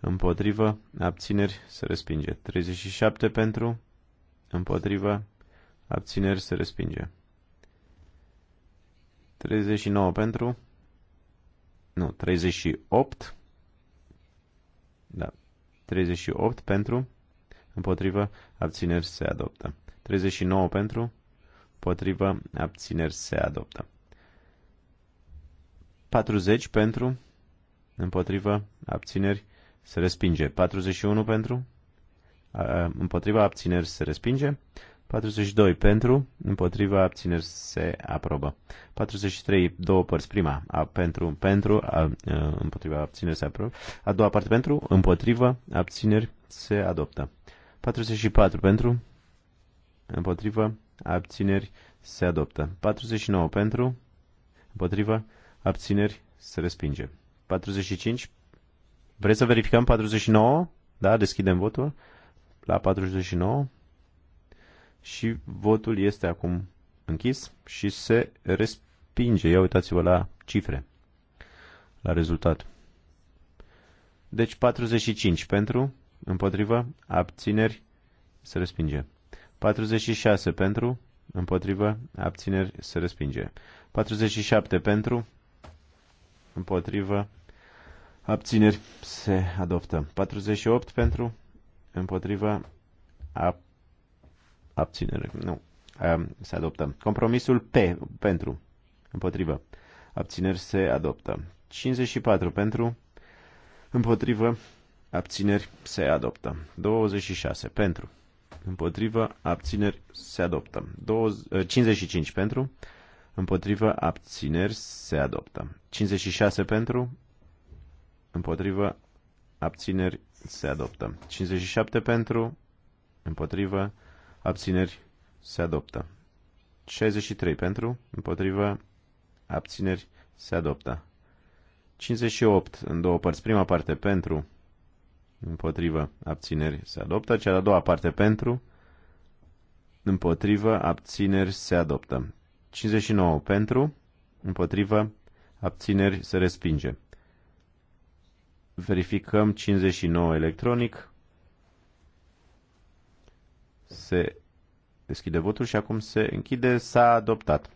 împotrivă, abțineri se respinge. 37 pentru, împotrivă, abțineri se respinge. 39 pentru, nu, 38, da, 38 pentru, împotrivă, abțineri se adoptă. 39 pentru, împotrivă, abțineri se adoptă. 40 pentru, împotriva, abțineri, se respinge. 41 pentru, împotriva, abțineri, se respinge. 42 pentru, împotriva, abțineri, se aprobă. 43, două părți, prima, a, pentru, pentru, a, împotriva, abțineri, se aprobă. A doua parte pentru, împotriva, abțineri, se adoptă. 44 pentru, împotriva, abțineri, se adoptă. 49 pentru, împotriva, Abțineri? Se respinge. 45. Vreți să verificăm 49? Da, deschidem votul la 49. Și votul este acum închis și se respinge. Ia uitați-vă la cifre, la rezultat. Deci 45 pentru, împotrivă, abțineri, se respinge. 46 pentru, împotrivă, abțineri, se respinge. 47 pentru, împotrivă, abțineri, se adoptă. 48 pentru, împotrivă, ab, abținere, nu, se adoptă. Compromisul P, pentru, împotrivă, abțineri, se adoptă. 54 pentru, împotrivă, abțineri, se adoptă. 26 pentru, împotrivă, abțineri, se adoptă. 20, 55 eh, pentru, Împotrivă abțineri se adoptă. 56 pentru. Împotrivă abțineri se adoptă. 57 pentru. Împotrivă abțineri se adoptă. 63 pentru. Împotrivă abțineri se adoptă. 58 în două părți. Prima parte pentru. Împotrivă abțineri se adoptă. Cea de-a doua parte pentru. Împotrivă abțineri se adoptă. 59 pentru, împotrivă, abțineri se respinge. Verificăm 59 electronic. Se deschide votul și acum se închide. S-a adoptat.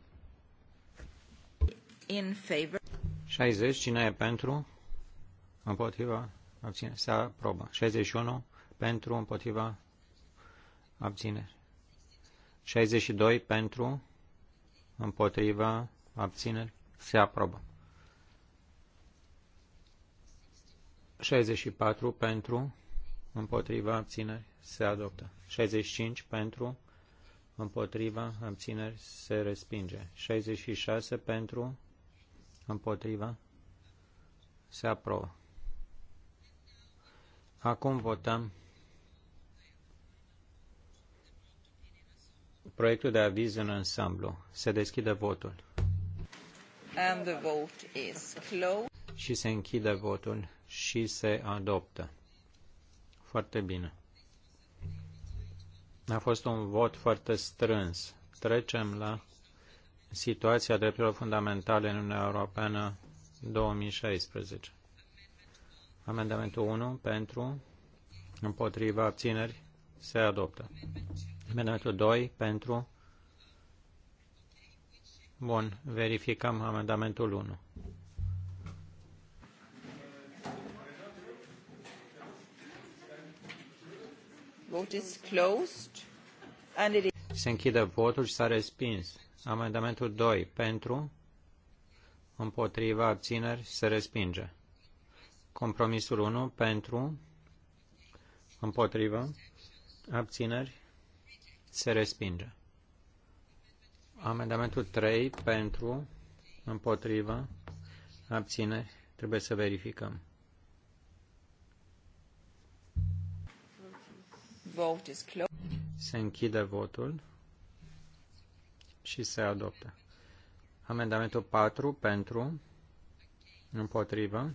In favor. 60. Cine e pentru? Împotriva? Abține. Se aprobă. 61. Pentru? Împotriva? Abțineri. 62. Pentru? împotriva, abțineri, se aprobă. 64 pentru, împotriva, abțineri, se adoptă. 65 pentru, împotriva, abțineri, se respinge. 66 pentru, împotriva, se aprobă. Acum votăm proiectul de aviz în ansamblu. Se deschide votul. And the vote is closed. Și se închide votul și se adoptă. Foarte bine. A fost un vot foarte strâns. Trecem la situația drepturilor fundamentale în Uniunea Europeană 2016. Amendamentul 1 pentru, împotriva, abțineri, se adoptă. Amendamentul 2 pentru. Bun, verificăm amendamentul 1. Vote is closed and it is... Se închide votul și s-a respins. Amendamentul 2 pentru, împotriva abțineri se respinge. Compromisul 1 pentru, împotriva abțineri se respinge. Amendamentul 3 pentru, împotrivă, abțineri. Trebuie să verificăm. Se închide votul și se adoptă. Amendamentul 4 pentru, împotrivă,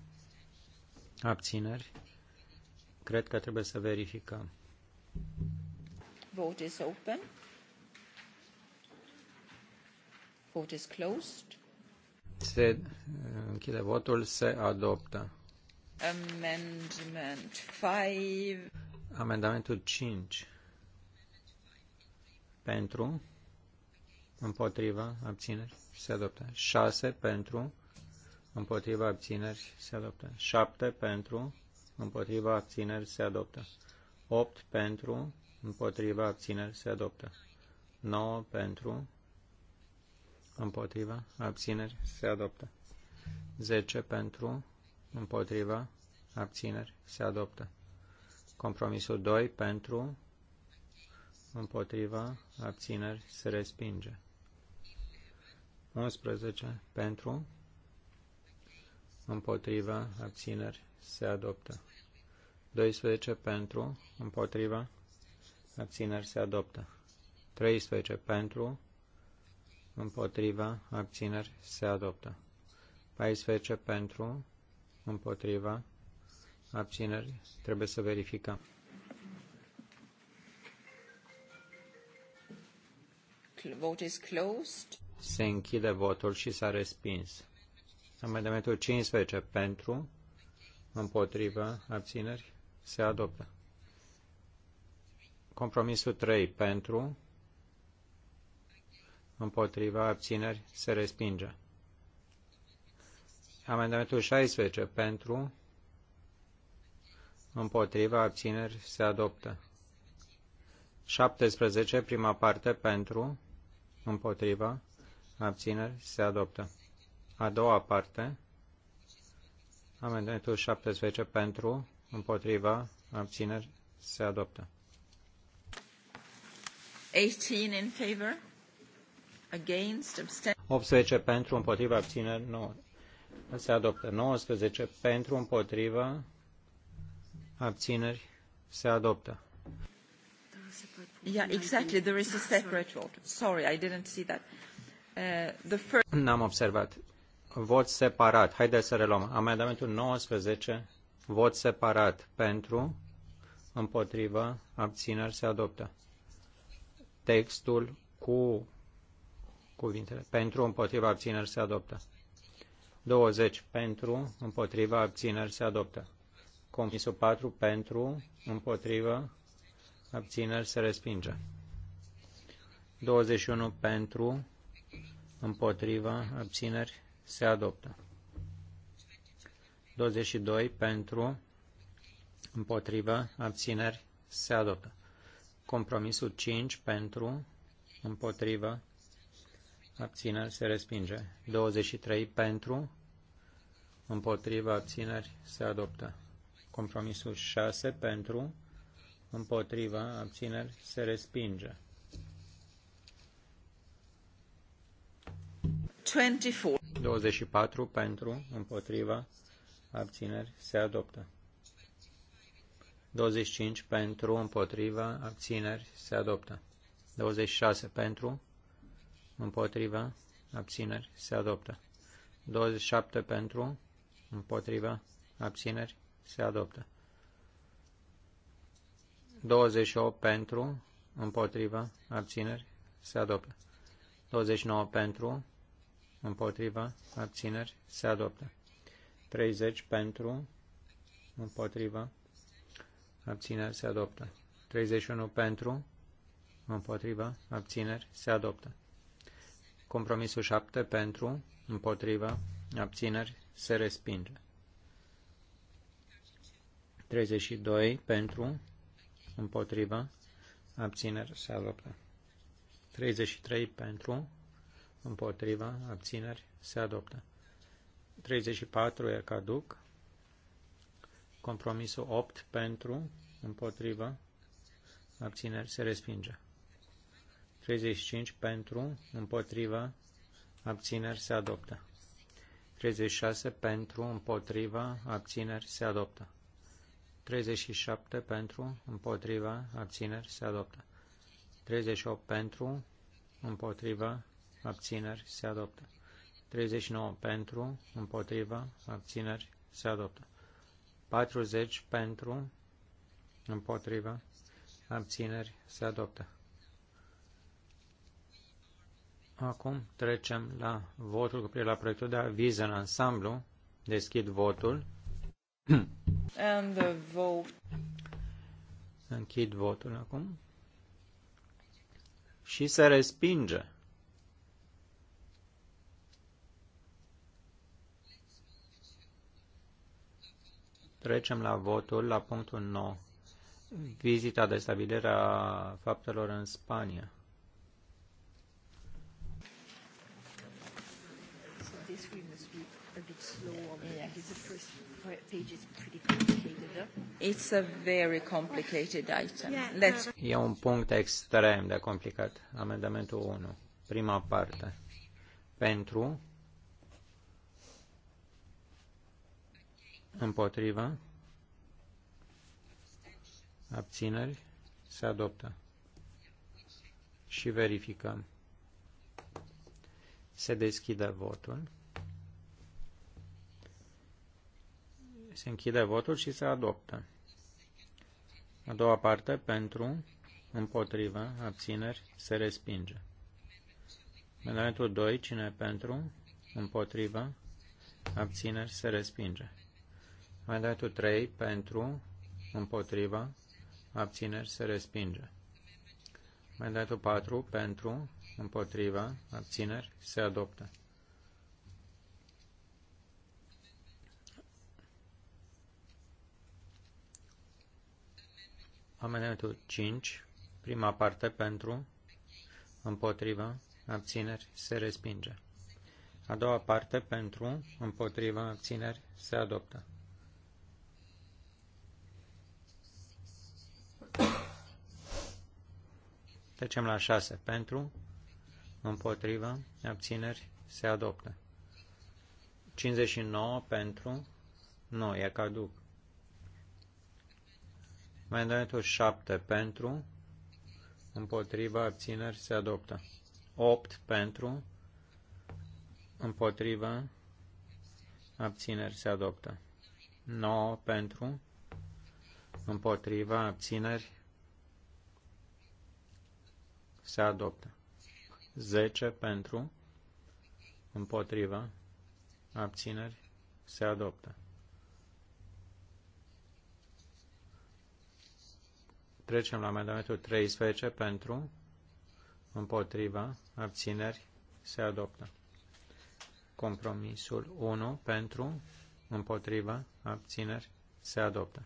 abțineri. Cred că trebuie să verificăm. Vote is open. Vote is closed. Se închide votul, se adoptă. Amendment 5. Amendamentul 5. Pentru. Împotriva. Abțineri. Se adoptă. 6. Pentru. Împotriva. Abțineri. Se adoptă. 7. Pentru. Împotriva. Abțineri. Se adoptă. 8. Pentru împotriva abțineri se adoptă. 9 pentru, împotriva abțineri se adoptă. 10 pentru, împotriva abțineri se adoptă. Compromisul 2 pentru, împotriva abțineri se respinge. 11 pentru, împotriva abțineri se adoptă. 12 pentru, împotriva abțineri se adoptă. 13 pentru, împotriva, abțineri se adoptă. 14 pentru, împotriva, abțineri, trebuie să verificăm. Vote is closed. Se închide votul și s-a respins. Amendamentul 15 pentru, împotriva, abțineri, se adoptă. Compromisul 3 pentru, împotriva, abțineri, se respinge. Amendamentul 16 pentru, împotriva, abțineri, se adoptă. 17, prima parte, pentru, împotriva, abțineri, se adoptă. A doua parte, amendamentul 17, pentru, împotriva, abțineri, se adoptă. 18 in favor, against, abstain. 18 pentru, împotriva, abțineri, nu. Se adoptă. 19 pentru, împotriva, abțineri, se adoptă. Yeah, exactly. There is a separate vote. Sorry, I didn't see that. Uh, the first... N-am observat. Vot separat. Haideți să reluăm. Amendamentul 19, vot separat pentru, împotriva, abțineri, se adoptă textul cu cuvintele pentru, împotriva, abțineri se adoptă. 20 pentru, împotriva, abțineri se adoptă. Compromisul 4 pentru, împotriva, abțineri se respinge. 21 pentru, împotriva, abțineri se adoptă. 22 pentru, împotriva, abțineri se adoptă. Compromisul 5 pentru, împotrivă, abțineri se respinge. 23 pentru, împotrivă, abțineri se adoptă. Compromisul 6 pentru, împotrivă, abțineri se respinge. 24 pentru, împotrivă, abțineri, se adoptă. 25 pentru, împotriva, abțineri, se adoptă. 26 pentru, împotriva, abțineri, se adoptă. 27 pentru, împotriva, abțineri, se adoptă. 28 pentru, împotriva, abțineri, se adoptă. 29 pentru, împotriva, abțineri, se adoptă. 30 pentru, împotriva, abțineri, se adoptă. 31 pentru, împotriva, abțineri, se adoptă. Compromisul 7 pentru, împotriva, abțineri, se respinge. 32 pentru, împotriva, abțineri, se adoptă. 33 pentru, împotriva, abțineri, se adoptă. 34 e caduc. Compromisul 8 pentru, împotrivă, abțineri se respinge. 35 pentru, împotrivă, abțineri se adoptă. 36 pentru, împotriva, abțineri se adoptă. 37 pentru, împotriva, abțineri se adoptă. 38 pentru, împotriva, abțineri se adoptă. 39 pentru, împotriva, abțineri se adoptă. 40 pentru, împotriva, abțineri, se adoptă. Acum trecem la votul cu privire la proiectul de aviz în ansamblu. Deschid votul. And the vote. Închid votul acum. Și se respinge. Trecem la votul la punctul 9. Vizita de stabilire a faptelor în Spania. It's a very complicated item. Let's... E un punct extrem de complicat. Amendamentul 1. Prima parte. Pentru Împotrivă. Abțineri. Se adoptă. Și verificăm. Se deschide votul. Se închide votul și se adoptă. A doua parte, pentru, împotrivă, abțineri, se respinge. Amendamentul 2, cine pentru, împotrivă, abțineri, se respinge. Mandatul 3 pentru, împotriva, abțineri se respinge. Mandatul 4 pentru, împotriva, abțineri se adoptă. Amendamentul 5, prima parte pentru, împotriva, abțineri se respinge. A doua parte pentru, împotriva, abțineri se adoptă. Trecem la 6. Pentru, împotriva, abțineri, se adoptă. 59 pentru, nu, e caduc. Amendamentul 7 pentru, împotriva, abțineri, se adoptă. 8 pentru, împotriva, abțineri, se adoptă. 9 pentru, împotriva, abțineri, se adoptă. 10 pentru, împotriva, abțineri, se adoptă. 11. Trecem la amendamentul 13 pentru, împotriva, abțineri, se adoptă. Compromisul 1 pentru, împotriva, abțineri, se adoptă.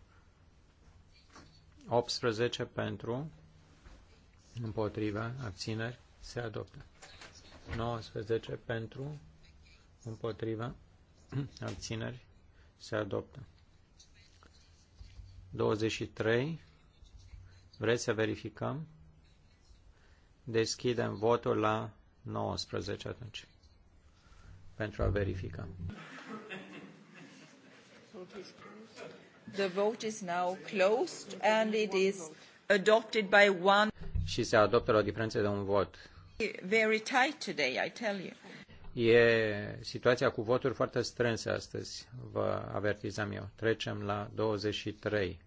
18 pentru, împotriva, abțineri, se adoptă. 19 pentru, împotriva, abțineri, se adoptă. 23. Vreți să verificăm? Deschidem votul la 19 atunci. Pentru a verifica. The vote is now closed and it is adopted by one și se adoptă la o diferență de un vot. Very tight today, I tell you. E situația cu voturi foarte strânse astăzi, vă avertizam eu. Trecem la 23.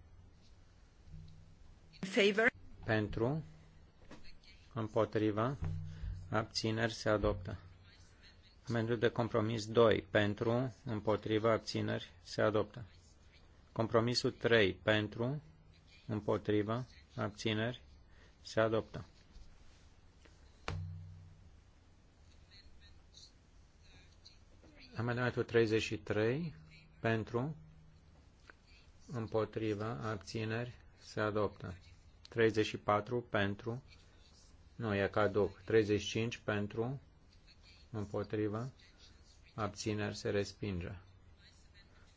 Favor. Pentru, împotriva, abțineri se adoptă. Amendul de compromis 2. Pentru, împotriva, abțineri se adoptă. Compromisul 3. Pentru, împotriva, abțineri se adoptă. Amendamentul 33 pentru, împotriva, abțineri, se adoptă. 34 pentru, nu e caduc. 35 pentru, împotriva, abțineri, se respinge.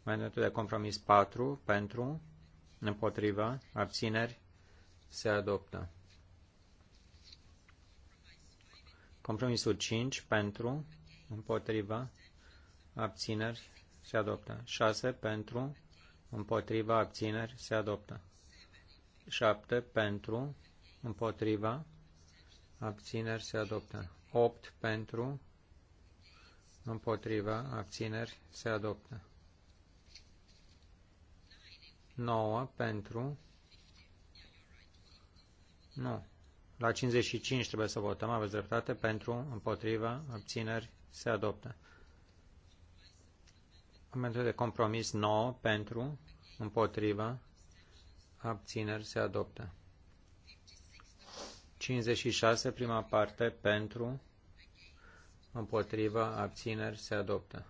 Amendamentul de compromis 4 pentru, împotriva, abțineri, se adoptă. Compromisul 5 pentru, împotriva, abțineri, se adoptă. 6 pentru, împotriva, abțineri, se adoptă. 7 pentru, împotriva, abțineri, se adoptă. 8 pentru, împotriva, abțineri, se adoptă. 9 pentru, nu, la 55 trebuie să votăm, aveți dreptate, pentru, împotriva, abțineri, se adoptă. Amendul de compromis 9, pentru, împotriva, abțineri, se adoptă. 56, prima parte, pentru, împotriva, abțineri, se adoptă.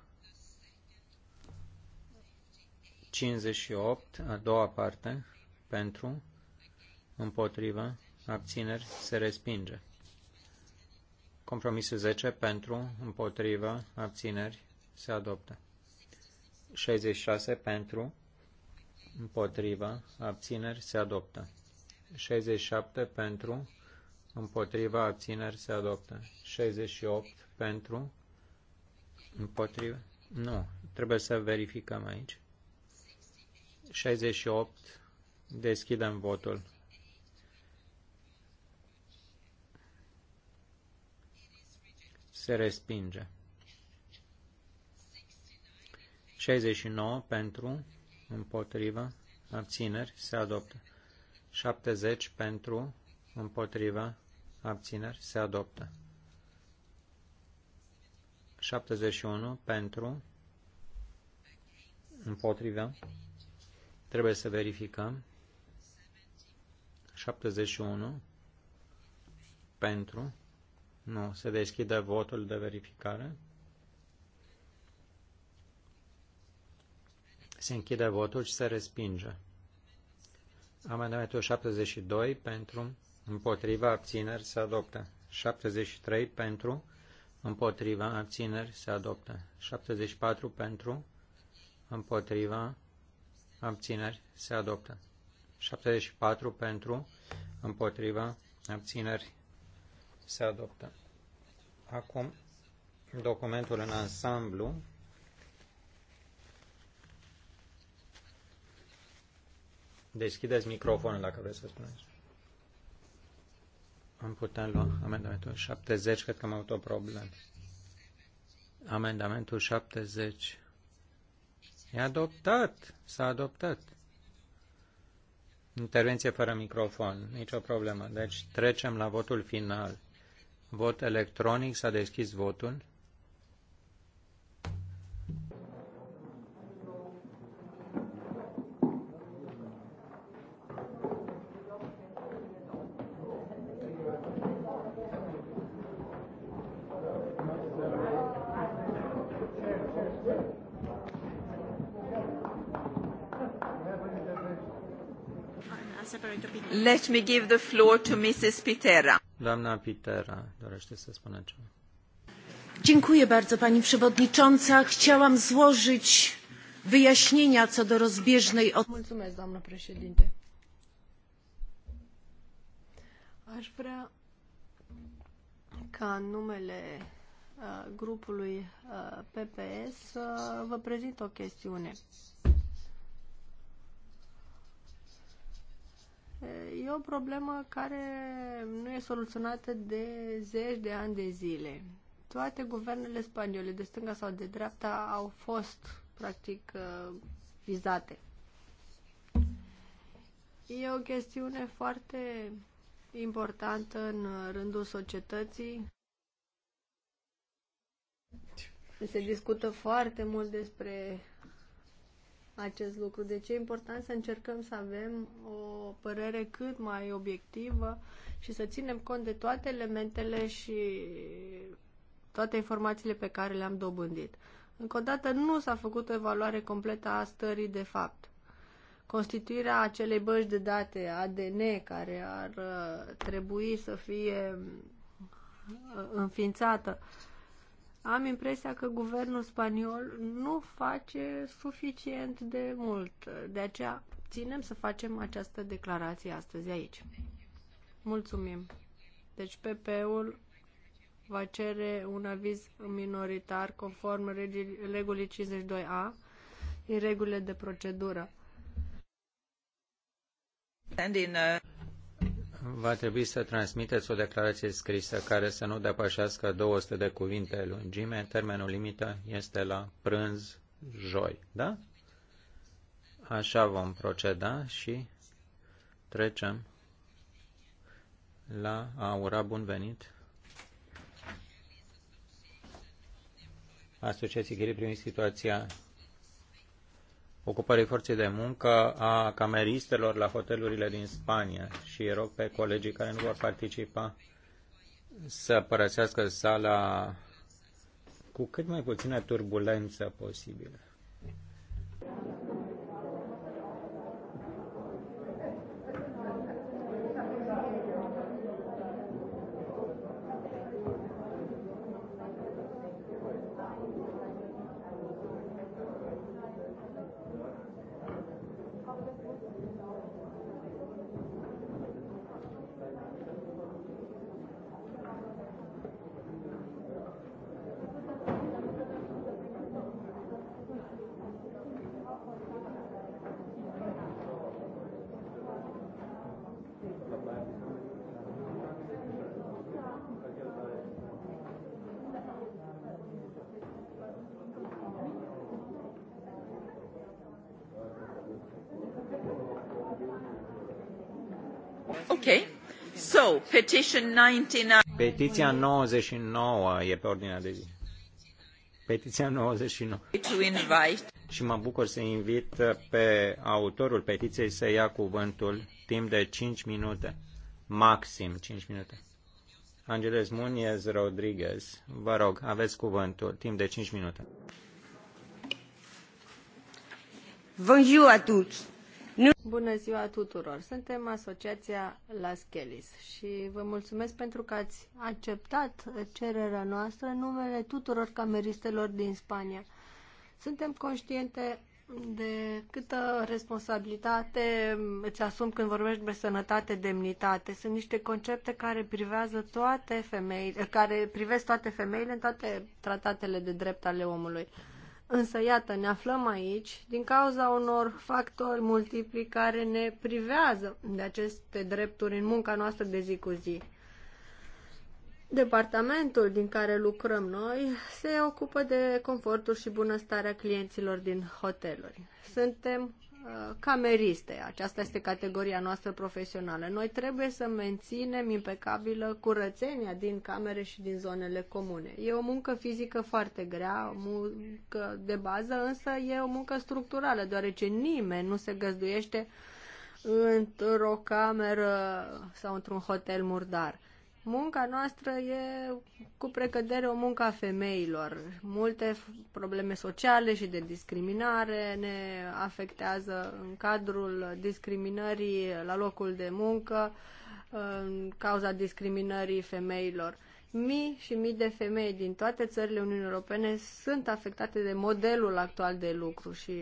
58, a doua parte, pentru, împotriva, abțineri, se respinge. Compromisul 10 pentru, împotrivă, abțineri, se adoptă. 66 pentru, împotrivă, abțineri, se adoptă. 67 pentru, împotrivă, abțineri, se adoptă. 68 pentru, împotrivă, nu, trebuie să verificăm aici. 68, deschidem votul. Se respinge. 69 pentru, împotrivă, abțineri, se adoptă. 70 pentru, împotrivă, abțineri, se adoptă. 71 pentru, împotrivă, trebuie să verificăm. 71 pentru, nu. Se deschide votul de verificare. Se închide votul și se respinge. Amendamentul 72 pentru, împotriva, abțineri se adoptă. 73 pentru, împotriva, abțineri se adoptă. 74 pentru, împotriva, abțineri se adoptă. 74 pentru, împotriva, abțineri se adoptă. Acum, documentul în ansamblu. Deschideți microfonul dacă vreți să spuneți. Am putea lua amendamentul 70, cred că am avut o problemă. Amendamentul 70. E adoptat, s-a adoptat. Intervenție fără microfon, nicio problemă. Deci trecem la votul final. Vot electronic. S-a deschis votul. Let me give the floor to Mrs. Pitera. Doamna Pitera dorește să spună ceva. Dziękuję bardzo Pani Przewodnicząca. Chciałam złożyć wyjaśnienia co do rozbieżnej... Mulțumesc, doamnă președinte. Aș vrea ca în numele uh, grupului uh, PPS să uh, vă prezint o chestiune. E o problemă care nu e soluționată de zeci de ani de zile. Toate guvernele spaniole, de stânga sau de dreapta, au fost, practic, uh, vizate. E o chestiune foarte importantă în rândul societății. Se discută foarte mult despre acest lucru. Deci e important să încercăm să avem o părere cât mai obiectivă și să ținem cont de toate elementele și toate informațiile pe care le-am dobândit. Încă o dată, nu s-a făcut o evaluare completă a stării de fapt. Constituirea acelei băși de date ADN care ar uh, trebui să fie uh, înființată am impresia că guvernul spaniol nu face suficient de mult. De aceea ținem să facem această declarație astăzi aici. Mulțumim. Deci PP-ul va cere un aviz minoritar conform regulii 52A din regulile de procedură. Uh, va trebui să transmiteți o declarație scrisă care să nu depășească 200 de cuvinte lungime. Termenul limită este la prânz joi, da? Așa vom proceda și trecem la a ura bun venit Asociații Ghiri primi situația ocupării forței de muncă a cameristelor la hotelurile din Spania și rog pe colegii care nu vor participa să părăsească sala cu cât mai puțină turbulență posibilă. 99. Petiția 99 e pe ordinea de zi. Petiția 99. To invite. Și mă bucur să invit pe autorul petiției să ia cuvântul timp de 5 minute, maxim 5 minute. Angeles Muniez Rodriguez, vă rog, aveți cuvântul, timp de 5 minute. Bonjour à tous. Bună ziua tuturor! Suntem Asociația Las Chelis și vă mulțumesc pentru că ați acceptat cererea noastră în numele tuturor cameristelor din Spania. Suntem conștiente de câtă responsabilitate îți asum când vorbești despre sănătate, demnitate. Sunt niște concepte care privează toate femeile, care privesc toate femeile în toate tratatele de drept ale omului. Însă, iată, ne aflăm aici din cauza unor factori multipli care ne privează de aceste drepturi în munca noastră de zi cu zi. Departamentul din care lucrăm noi se ocupă de confortul și bunăstarea clienților din hoteluri. Suntem Uh, cameriste. Aceasta este categoria noastră profesională. Noi trebuie să menținem impecabilă curățenia din camere și din zonele comune. E o muncă fizică foarte grea, o muncă de bază, însă e o muncă structurală, deoarece nimeni nu se găzduiește într-o cameră sau într-un hotel murdar. Munca noastră e cu precădere o muncă a femeilor. Multe probleme sociale și de discriminare ne afectează în cadrul discriminării la locul de muncă, în cauza discriminării femeilor. Mii și mii de femei din toate țările Uniunii Europene sunt afectate de modelul actual de lucru și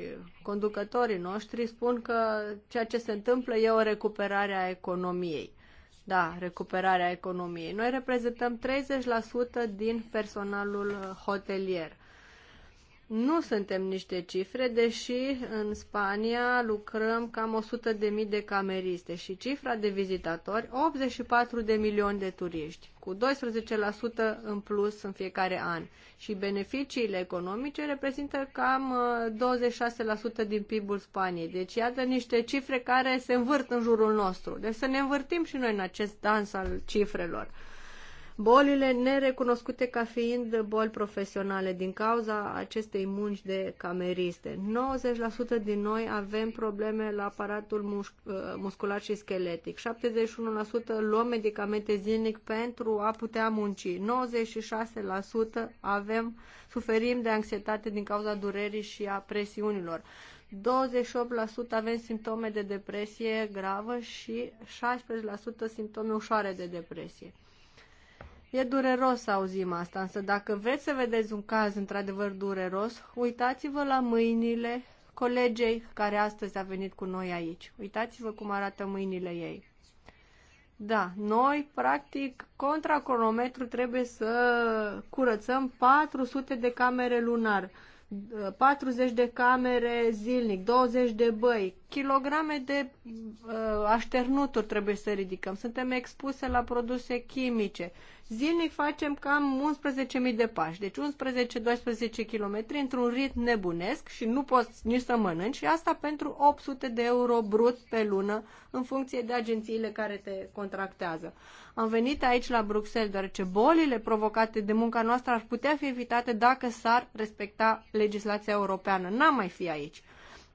conducătorii noștri spun că ceea ce se întâmplă e o recuperare a economiei da, recuperarea economiei. Noi reprezentăm 30% din personalul hotelier. Nu suntem niște cifre, deși în Spania lucrăm cam 100.000 de, de cameriste și cifra de vizitatori 84 de milioane de turiști, cu 12% în plus în fiecare an. Și beneficiile economice reprezintă cam 26% uh, din PIB-ul Spaniei. Deci iată niște cifre care se învârt în jurul nostru. Deci să ne învârtim și noi în acest dans al cifrelor bolile nerecunoscute ca fiind boli profesionale din cauza acestei munci de cameriste. 90% din noi avem probleme la aparatul mus- uh, muscular și scheletic. 71% luăm medicamente zilnic pentru a putea munci. 96% avem, suferim de anxietate din cauza durerii și a presiunilor. 28% avem simptome de depresie gravă și 16% simptome ușoare de depresie. E dureros să auzim asta, însă dacă vreți să vedeți un caz într-adevăr dureros, uitați-vă la mâinile colegei care astăzi a venit cu noi aici. Uitați-vă cum arată mâinile ei. Da, noi, practic, contra cronometru trebuie să curățăm 400 de camere lunar, 40 de camere zilnic, 20 de băi, kilograme de uh, așternuturi trebuie să ridicăm. Suntem expuse la produse chimice. Uh, Zilnic facem cam 11.000 de pași, deci 11-12 km într-un ritm nebunesc și nu poți nici să mănânci și asta pentru 800 de euro brut pe lună în funcție de agențiile care te contractează. Am venit aici la Bruxelles deoarece bolile provocate de munca noastră ar putea fi evitate dacă s-ar respecta legislația europeană. N-am mai fi aici.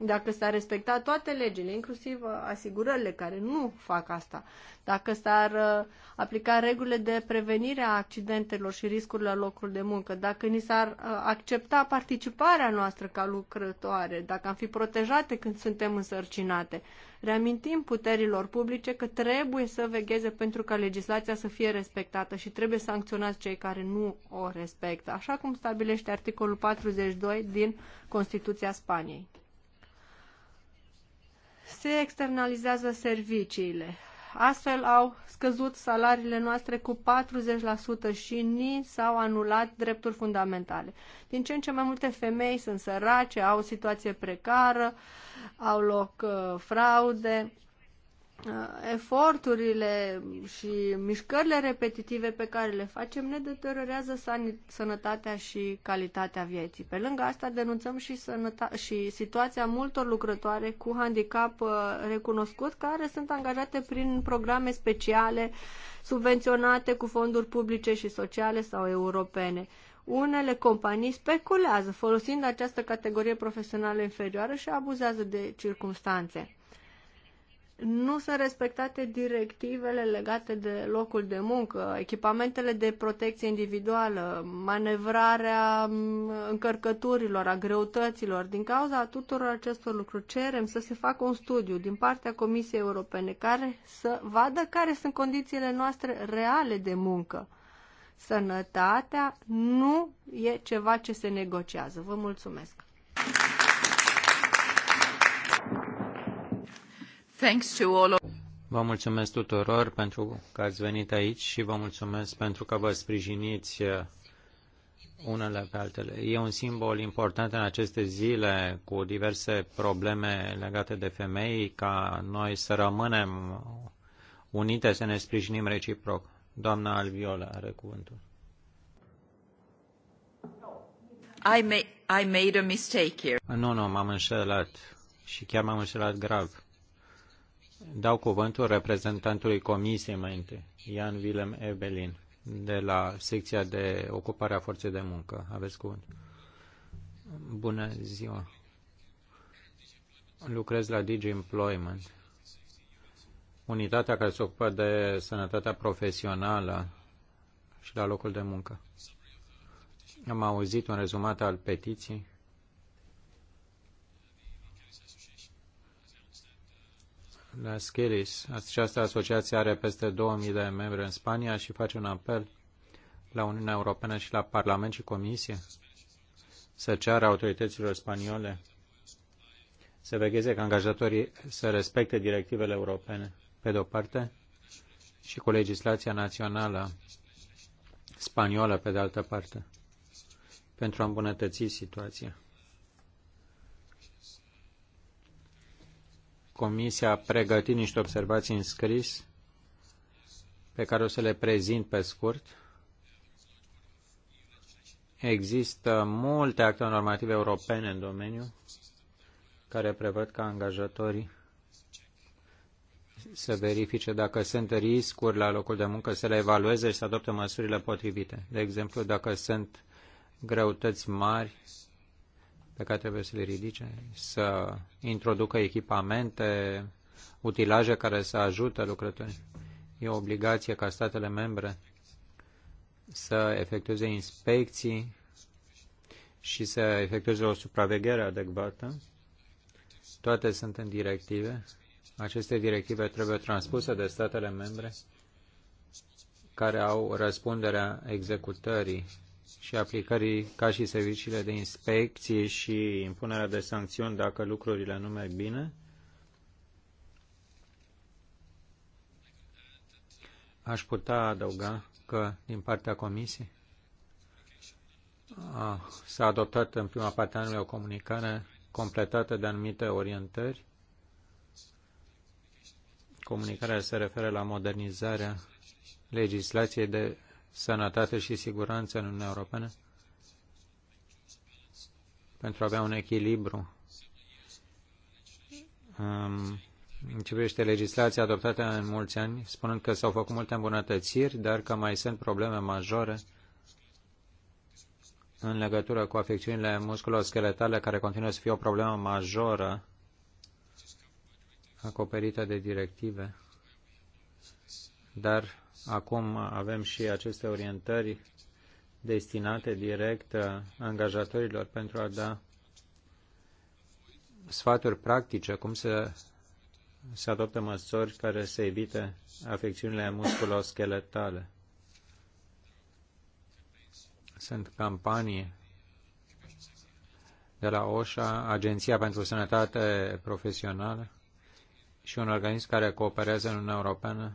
Dacă s-ar respecta toate legile, inclusiv uh, asigurările care nu fac asta, dacă s-ar uh, aplica regulile de prevenire a accidentelor și riscurilor la locul de muncă, dacă ni s-ar uh, accepta participarea noastră ca lucrătoare, dacă am fi protejate când suntem însărcinate, reamintim puterilor publice că trebuie să vegheze pentru ca legislația să fie respectată și trebuie sancționați cei care nu o respectă, așa cum stabilește articolul 42 din Constituția Spaniei se externalizează serviciile. Astfel au scăzut salariile noastre cu 40% și ni s-au anulat drepturi fundamentale. Din ce în ce mai multe femei sunt sărace, au o situație precară, au loc uh, fraude Uh, eforturile și mișcările repetitive pe care le facem ne deteriorează sănătatea și calitatea vieții. Pe lângă asta denunțăm și, sănăta- și situația multor lucrătoare cu handicap uh, recunoscut care sunt angajate prin programe speciale subvenționate cu fonduri publice și sociale sau europene. Unele companii speculează folosind această categorie profesională inferioară și abuzează de circumstanțe nu sunt respectate directivele legate de locul de muncă, echipamentele de protecție individuală, manevrarea încărcăturilor, a greutăților. Din cauza tuturor acestor lucruri cerem să se facă un studiu din partea Comisiei Europene care să vadă care sunt condițiile noastre reale de muncă. Sănătatea nu e ceva ce se negociază. Vă mulțumesc! Thanks to all of... Vă mulțumesc tuturor pentru că ați venit aici și vă mulțumesc pentru că vă sprijiniți eh, unele pe altele. E un simbol important în aceste zile cu diverse probleme legate de femei ca noi să rămânem unite, să ne sprijinim reciproc. Doamna Alviola are cuvântul. I, may, I made a mistake here. Nu, nu, m-am înșelat și chiar m-am înșelat grav. Dau cuvântul reprezentantului comisiei mai întâi, Ian Willem Ebelin, de la secția de ocupare a forței de muncă. Aveți cuvânt. Bună ziua. Lucrez la Digi Employment, unitatea care se ocupă de sănătatea profesională și la locul de muncă. Am auzit un rezumat al petiției Las Quilis. Această asociație are peste 2000 de membri în Spania și face un apel la Uniunea Europeană și la Parlament și Comisie să ceară autorităților spaniole să vegheze că angajatorii să respecte directivele europene, pe de-o parte, și cu legislația națională spaniolă, pe de altă parte, pentru a îmbunătăți situația. Comisia a pregătit niște observații în scris pe care o să le prezint pe scurt. Există multe acte normative europene în domeniu care prevăd ca angajatorii să verifice dacă sunt riscuri la locul de muncă, să le evalueze și să adopte măsurile potrivite. De exemplu, dacă sunt greutăți mari pe care trebuie să le ridice, să introducă echipamente, utilaje care să ajute lucrătorii. E o obligație ca statele membre să efectueze inspecții și să efectueze o supraveghere adecvată. Toate sunt în directive. Aceste directive trebuie transpuse de statele membre care au răspunderea executării și aplicării ca și serviciile de inspecție și impunerea de sancțiuni dacă lucrurile nu merg bine. Aș putea adăuga că din partea Comisiei s-a adoptat în prima parte anului o comunicare completată de anumite orientări. Comunicarea se referă la modernizarea legislației de sănătate și siguranță în Uniunea Europeană pentru a avea un echilibru um, în ce privește legislația adoptată în mulți ani, spunând că s-au făcut multe îmbunătățiri, dar că mai sunt probleme majore în legătură cu afecțiunile musculoscheletale, care continuă să fie o problemă majoră acoperită de directive, dar Acum avem și aceste orientări destinate direct uh, angajatorilor pentru a da sfaturi practice, cum să se adopte măsuri care să evite afecțiunile musculoscheletale. Sunt campanii de la OSHA, Agenția pentru Sănătate Profesională și un organism care cooperează în Uniunea Europeană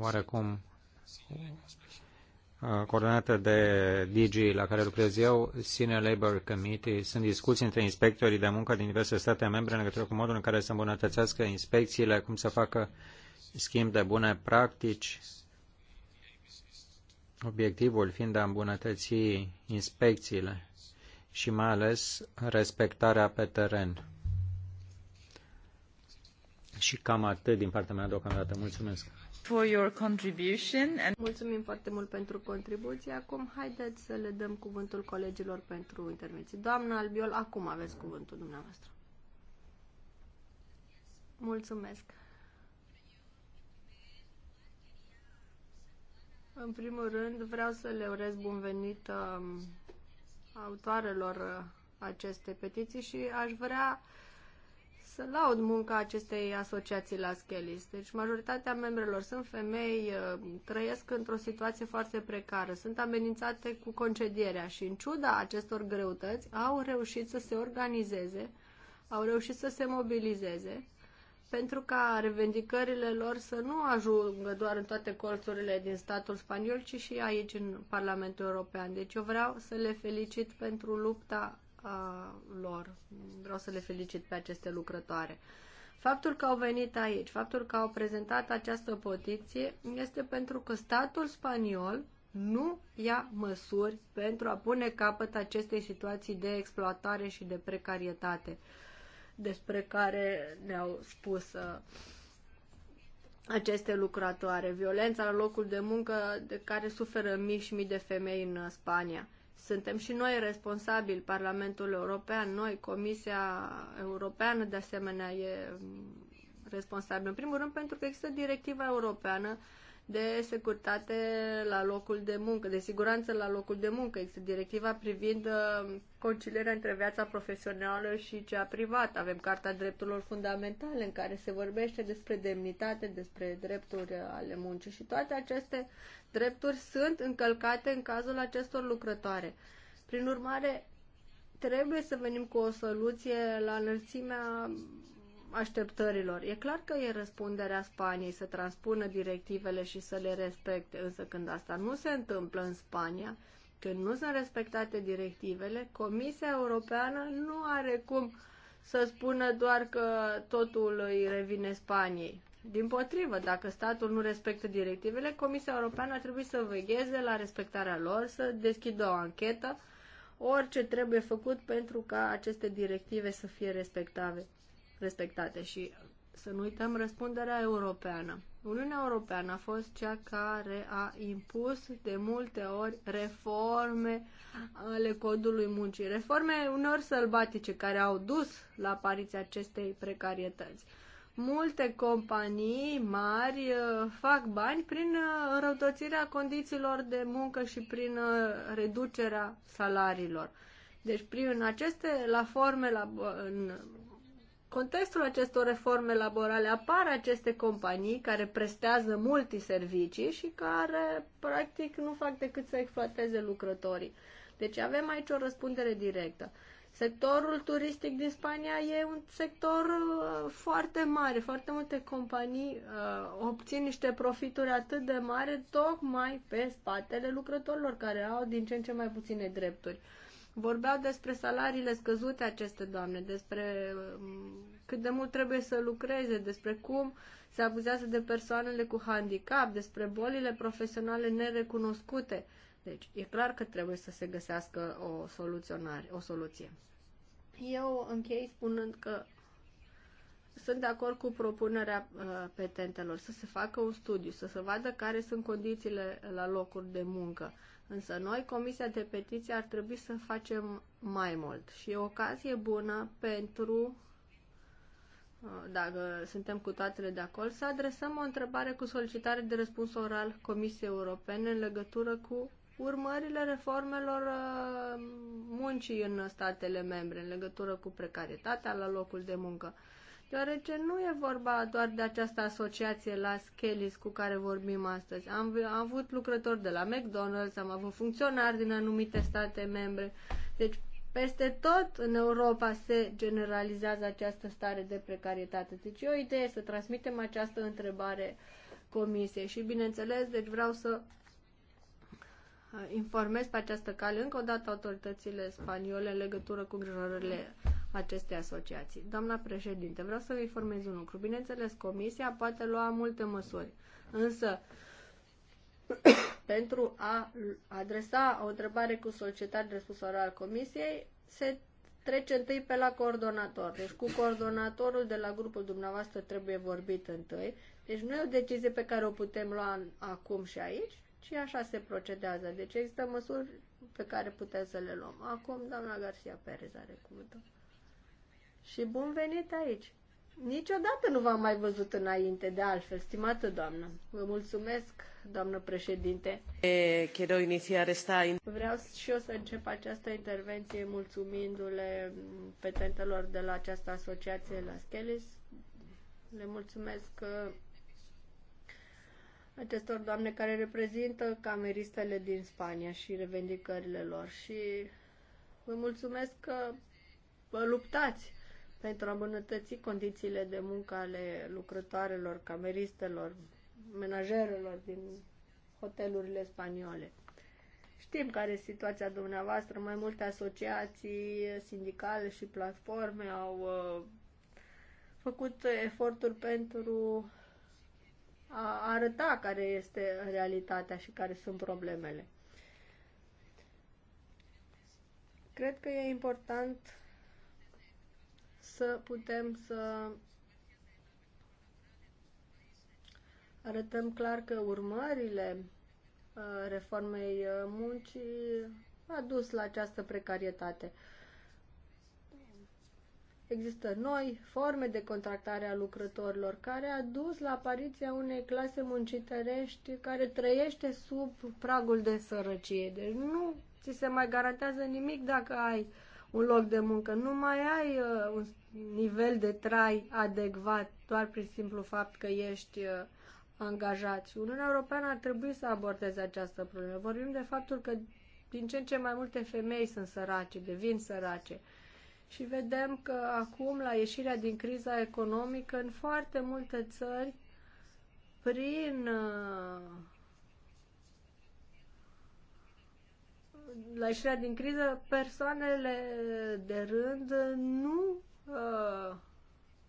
oarecum uh, coordonată de DG la care lucrez eu, Senior Labor Committee, sunt discuții între inspectorii de muncă din diverse state membre în legătură cu modul în care să îmbunătățească inspecțiile, cum să facă schimb de bune practici, obiectivul fiind de a îmbunătăți inspecțiile și mai ales respectarea pe teren. Și cam atât din partea mea deocamdată. Mulțumesc! for your contribution. And... Mulțumim foarte mult pentru contribuție. Acum haideți să le dăm cuvântul colegilor pentru intervenții. Doamna Albiol, acum aveți cuvântul dumneavoastră. Mulțumesc. În primul rând, vreau să le urez bun venit uh, autoarelor uh, acestei petiții și aș vrea uh, să laud munca acestei asociații la Schelis. Deci majoritatea membrelor sunt femei, uh, trăiesc într-o situație foarte precară, sunt amenințate cu concedierea și în ciuda acestor greutăți au reușit să se organizeze, au reușit să se mobilizeze pentru ca revendicările lor să nu ajungă doar în toate colțurile din statul spaniol, ci și aici în Parlamentul European. Deci eu vreau să le felicit pentru lupta a lor. Vreau să le felicit pe aceste lucrătoare. Faptul că au venit aici, faptul că au prezentat această poziție, este pentru că statul spaniol nu ia măsuri pentru a pune capăt acestei situații de exploatare și de precarietate despre care ne-au spus uh, aceste lucratoare, violența la locul de muncă de care suferă mii și mii de femei în Spania. Suntem și noi responsabili, Parlamentul European, noi, Comisia Europeană, de asemenea, e mm, responsabil. În primul rând, pentru că există directiva europeană uh, de securitate la locul de muncă, de siguranță la locul de muncă. Există directiva privind uh, concilierea între viața profesională și cea privată. Avem Carta Drepturilor Fundamentale în care se vorbește despre demnitate, despre drepturi ale muncii și toate aceste drepturi sunt încălcate în cazul acestor lucrătoare. Prin urmare, trebuie să venim cu o soluție la înălțimea așteptărilor. E clar că e răspunderea Spaniei să transpună directivele și să le respecte, însă când asta nu se întâmplă în Spania, când nu sunt respectate directivele, Comisia Europeană nu are cum să spună doar că totul îi revine Spaniei. Din potrivă, dacă statul nu respectă directivele, Comisia Europeană ar trebui să vegheze la respectarea lor, să deschidă o anchetă, orice trebuie făcut pentru ca aceste directive să fie respectate respectate și să nu uităm răspunderea europeană. Uniunea Europeană a fost cea care a impus de multe ori reforme ale codului muncii, reforme uneori sălbatice care au dus la apariția acestei precarietăți. Multe companii mari uh, fac bani prin uh, răutățirea condițiilor de muncă și prin uh, reducerea salariilor. Deci, prin aceste la forme, la, în contextul acestor reforme laborale apar aceste companii care prestează multiservicii și care practic nu fac decât să exploateze lucrătorii. Deci avem aici o răspundere directă. Sectorul turistic din Spania e un sector uh, foarte mare, foarte multe companii uh, obțin niște profituri atât de mare tocmai pe spatele lucrătorilor care au din ce în ce mai puține drepturi. Vorbeau despre salariile scăzute aceste doamne, despre um, cât de mult trebuie să lucreze, despre cum se abuzează de persoanele cu handicap, despre bolile profesionale nerecunoscute. Deci, e clar că trebuie să se găsească o soluționare, o soluție. Eu închei spunând că sunt de acord cu propunerea uh, petentelor să se facă un studiu, să se vadă care sunt condițiile la locuri de muncă, Însă noi, Comisia de Petiții, ar trebui să facem mai mult și e o ocazie bună pentru, uh, dacă suntem cu toatele de acolo, să adresăm o întrebare cu solicitare de răspuns oral Comisiei Europene în legătură cu urmările reformelor uh, muncii în statele membre, în legătură cu precarietatea la locul de muncă deoarece nu e vorba doar de această asociație la Skelis cu care vorbim astăzi. Am, am avut lucrători de la McDonald's, am avut funcționari din anumite state membre. Deci, peste tot în Europa se generalizează această stare de precarietate. Deci e o idee să transmitem această întrebare comisiei și, bineînțeles, deci vreau să informez pe această cale încă o dată autoritățile spaniole în legătură cu îngrijorările acestei asociații. Doamna președinte, vreau să vă informez un lucru. Bineînțeles, comisia poate lua multe măsuri, însă pentru a adresa o întrebare cu solicitare răspunsoare al comisiei, se trece întâi pe la coordonator. Deci cu coordonatorul de la grupul dumneavoastră trebuie vorbit întâi. Deci nu e o decizie pe care o putem lua acum și aici, și așa se procedează. Deci există măsuri pe care putem să le luăm. Acum, doamna Garcia Perez are cuvântul. Și bun venit aici! Niciodată nu v-am mai văzut înainte, de altfel, stimată doamnă. Vă mulțumesc, doamnă președinte. Eh, quiero iniciar esta... Vreau și eu să încep această intervenție mulțumindu-le petentelor de la această asociație la Schelis. Le mulțumesc că uh, acestor doamne care reprezintă cameristele din Spania și revendicările lor și vă mulțumesc că vă luptați pentru a îmbunătăți condițiile de muncă ale lucrătoarelor, cameristelor, menajerelor din hotelurile spaniole. Știm care este situația dumneavoastră, mai multe asociații sindicale și platforme au uh, făcut eforturi pentru a arăta care este realitatea și care sunt problemele. Cred că e important să putem să arătăm clar că urmările uh, reformei uh, muncii a dus la această precarietate. Există noi forme de contractare a lucrătorilor care a dus la apariția unei clase muncitărești care trăiește sub pragul de sărăcie. Deci nu ți se mai garantează nimic dacă ai un loc de muncă. Nu mai ai uh, un nivel de trai adecvat doar prin simplu fapt că ești uh, angajat. Și Uniunea Europeană ar trebui să abordeze această problemă. Vorbim de faptul că din ce în ce mai multe femei sunt sărace, devin sărace. Uh, și vedem că acum, la ieșirea din criza economică, în foarte multe țări, prin uh, la ieșirea din criză, persoanele de rând nu uh,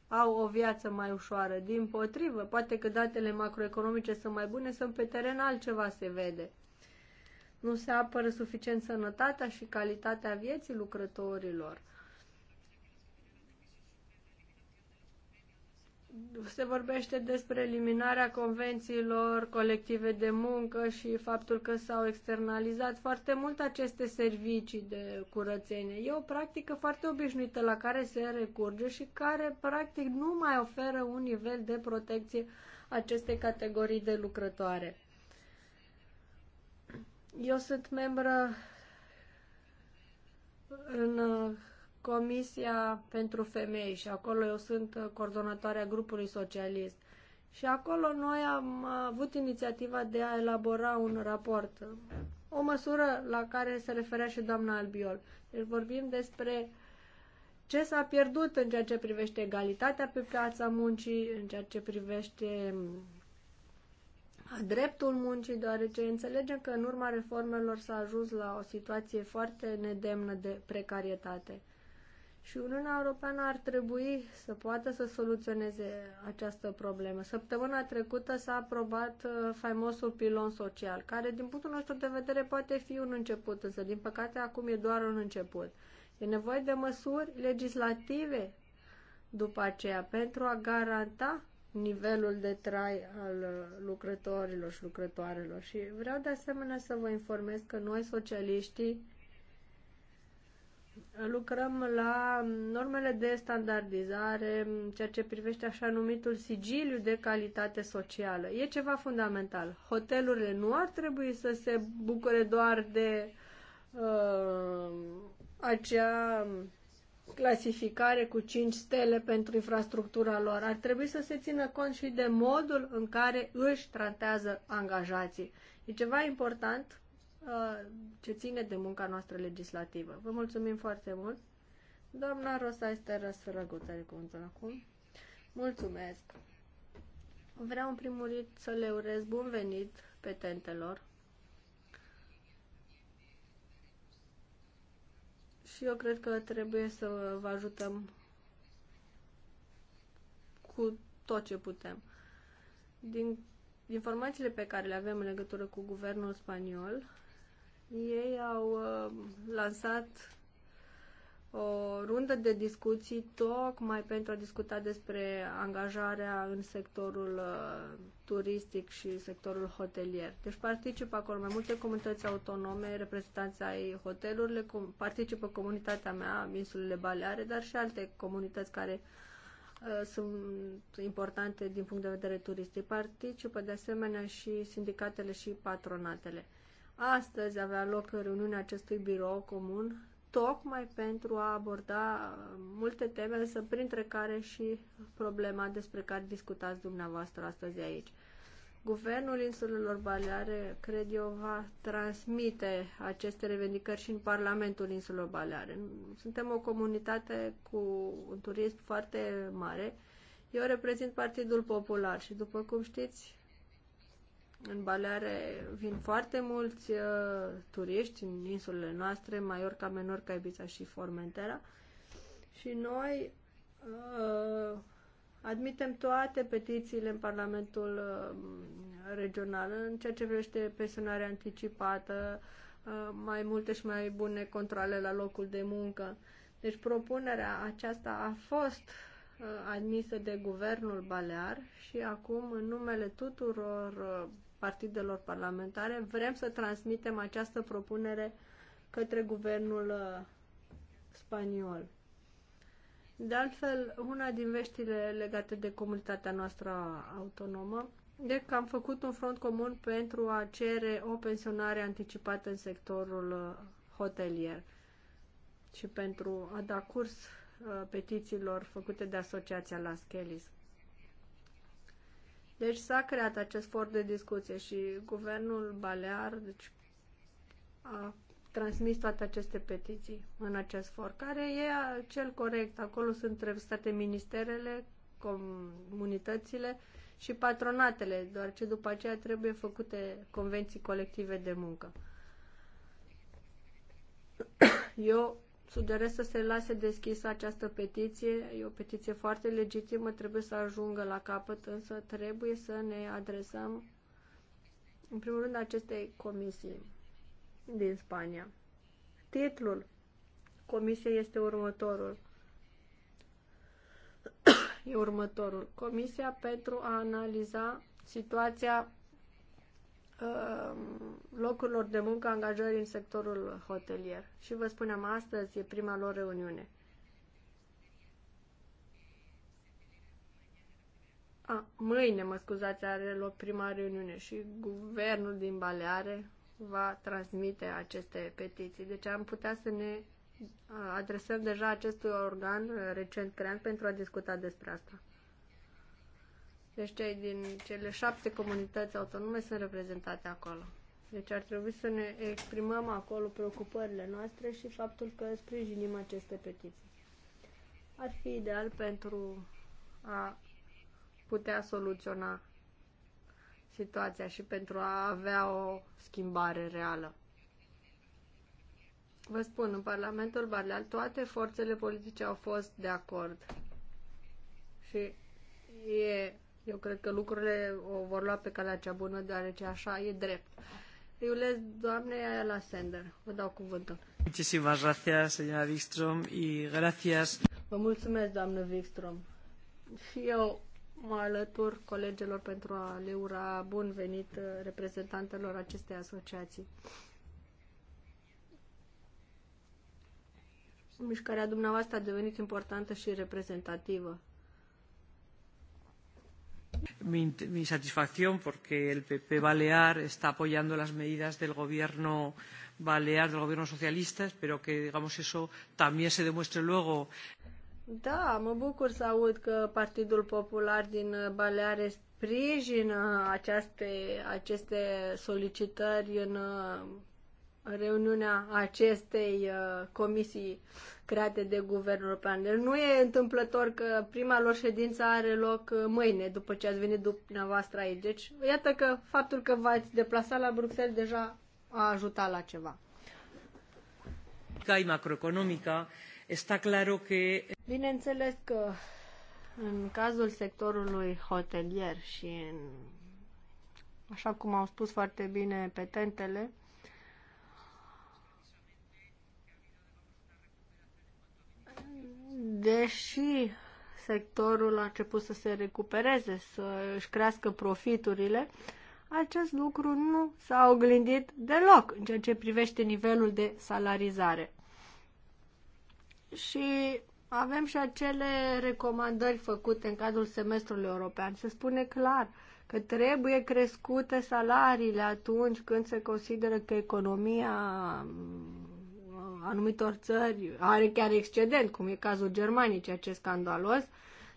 au o viață mai ușoară. Din potrivă, poate că datele macroeconomice sunt mai bune, sunt pe teren altceva se vede. Nu se apără suficient sănătatea și calitatea vieții lucrătorilor. se vorbește despre eliminarea convențiilor colective de muncă și faptul că s-au externalizat foarte mult aceste servicii de curățenie. E o practică foarte obișnuită la care se recurge și care practic nu mai oferă un nivel de protecție acestei categorii de lucrătoare. Eu sunt membră în Comisia pentru Femei și acolo eu sunt uh, coordonatoarea grupului socialist. Și acolo noi am uh, avut inițiativa de a elabora un raport, uh, o măsură la care se referea și doamna Albiol. Deci vorbim despre ce s-a pierdut în ceea ce privește egalitatea pe piața muncii, în ceea ce privește um, dreptul muncii, deoarece înțelegem că în urma reformelor s-a ajuns la o situație foarte nedemnă de precarietate. Și Uniunea Europeană ar trebui să poată să soluționeze această problemă. Săptămâna trecută s-a aprobat uh, faimosul pilon social, care din punctul nostru de vedere poate fi un început, însă din păcate acum e doar un început. E nevoie de măsuri legislative după aceea pentru a garanta nivelul de trai al uh, lucrătorilor și lucrătoarelor. Și vreau de asemenea să vă informez că noi, socialiștii, lucrăm la normele de standardizare ceea ce privește așa numitul sigiliu de calitate socială. E ceva fundamental. Hotelurile nu ar trebui să se bucure doar de uh, acea clasificare cu 5 stele pentru infrastructura lor. Ar trebui să se țină cont și de modul în care își tratează angajații. E ceva important ce ține de munca noastră legislativă. Vă mulțumim foarte mult. Doamna Rosa este de cuvântul acum. Mulțumesc. Vreau în primul rând să le urez bun venit petentelor. Și eu cred că trebuie să vă ajutăm cu tot ce putem. Din informațiile pe care le avem în legătură cu guvernul spaniol, ei au uh, lansat o rundă de discuții tocmai pentru a discuta despre angajarea în sectorul uh, turistic și sectorul hotelier. Deci participă acolo mai multe comunități autonome, reprezentanții ai hotelurilor, cum participă comunitatea mea, insulele Baleare, dar și alte comunități care uh, sunt importante din punct de vedere turistic. Participă de asemenea și sindicatele și patronatele. Astăzi avea loc reuniunea acestui birou comun, tocmai pentru a aborda multe teme, însă printre care și problema despre care discutați dumneavoastră astăzi aici. Guvernul insulelor Baleare, cred eu, va transmite aceste revendicări și în Parlamentul insulelor Baleare. Suntem o comunitate cu un turism foarte mare. Eu reprezint Partidul Popular și, după cum știți, în Baleare vin foarte mulți uh, turiști în insulele noastre, Mallorca, Menorca, Ibiza și Formentera. Și noi uh, admitem toate petițiile în Parlamentul uh, Regional în ceea ce privește pensionarea anticipată, uh, mai multe și mai bune controle la locul de muncă. Deci propunerea aceasta a fost uh, admisă de guvernul Balear și acum în numele tuturor uh, partidelor parlamentare, vrem să transmitem această propunere către guvernul uh, spaniol. De altfel, una din veștile legate de comunitatea noastră autonomă e că am făcut un front comun pentru a cere o pensionare anticipată în sectorul uh, hotelier și pentru a da curs uh, petițiilor făcute de Asociația Las Kelis. Deci s-a creat acest for de discuție și guvernul balear deci, a transmis toate aceste petiții în acest for, care e cel corect. Acolo sunt revistate ministerele, comunitățile și patronatele, doar ce după aceea trebuie făcute convenții colective de muncă. Eu sugerez să se lase deschisă această petiție. E o petiție foarte legitimă, trebuie să ajungă la capăt, însă trebuie să ne adresăm, în primul rând, acestei comisii din Spania. Titlul comisiei este următorul. e următorul. Comisia pentru a analiza situația Um, locurilor de muncă angajări în sectorul hotelier. Și vă spuneam, astăzi e prima lor reuniune. A, mâine, mă scuzați, are loc prima reuniune și guvernul din Baleare va transmite aceste petiții. Deci am putea să ne uh, adresăm deja acestui organ uh, recent creat pentru a discuta despre asta. Deci cei din cele șapte comunități autonome sunt reprezentate acolo. Deci ar trebui să ne exprimăm acolo preocupările noastre și faptul că sprijinim aceste petiții. Ar fi ideal pentru a putea soluționa situația și pentru a avea o schimbare reală. Vă spun, în Parlamentul Barleal toate forțele politice au fost de acord. Și e eu cred că lucrurile o vor lua pe calea cea bună, deoarece așa e drept. Eu le doamne la sender. Vă dau cuvântul. Muchísimas gracias, señora Wikström, y gracias. Vă mulțumesc, doamnă Wikström. Și eu mă alătur colegilor pentru a le ura bun venit uh, reprezentantelor acestei asociații. Mișcarea dumneavoastră a devenit importantă și reprezentativă. Mi, mi satisfacción porque el PP Balear está apoyando las medidas del gobierno balear del gobierno socialista. Espero que, digamos, eso también se demuestre luego. Da, mă bucur să aud că Partidul Popular din Baleare sprijină aceste, aceste solicitări în reuniunea acestei uh, comisii create de Guvernul European. Deci nu e întâmplător că prima lor ședință are loc uh, mâine, după ce ați venit dumneavoastră aici. Deci, iată că faptul că v-ați deplasat la Bruxelles deja a ajutat la ceva. Cai macroeconomica, este clar că... Bineînțeles că în cazul sectorului hotelier și în, așa cum au spus foarte bine petentele, deși sectorul a început să se recupereze, să își crească profiturile, acest lucru nu s-a oglindit deloc în ceea ce privește nivelul de salarizare. Și avem și acele recomandări făcute în cadrul semestrului european. Se spune clar că trebuie crescute salariile atunci când se consideră că economia anumitor țări are chiar excedent, cum e cazul Germaniei, ceea ce e scandalos.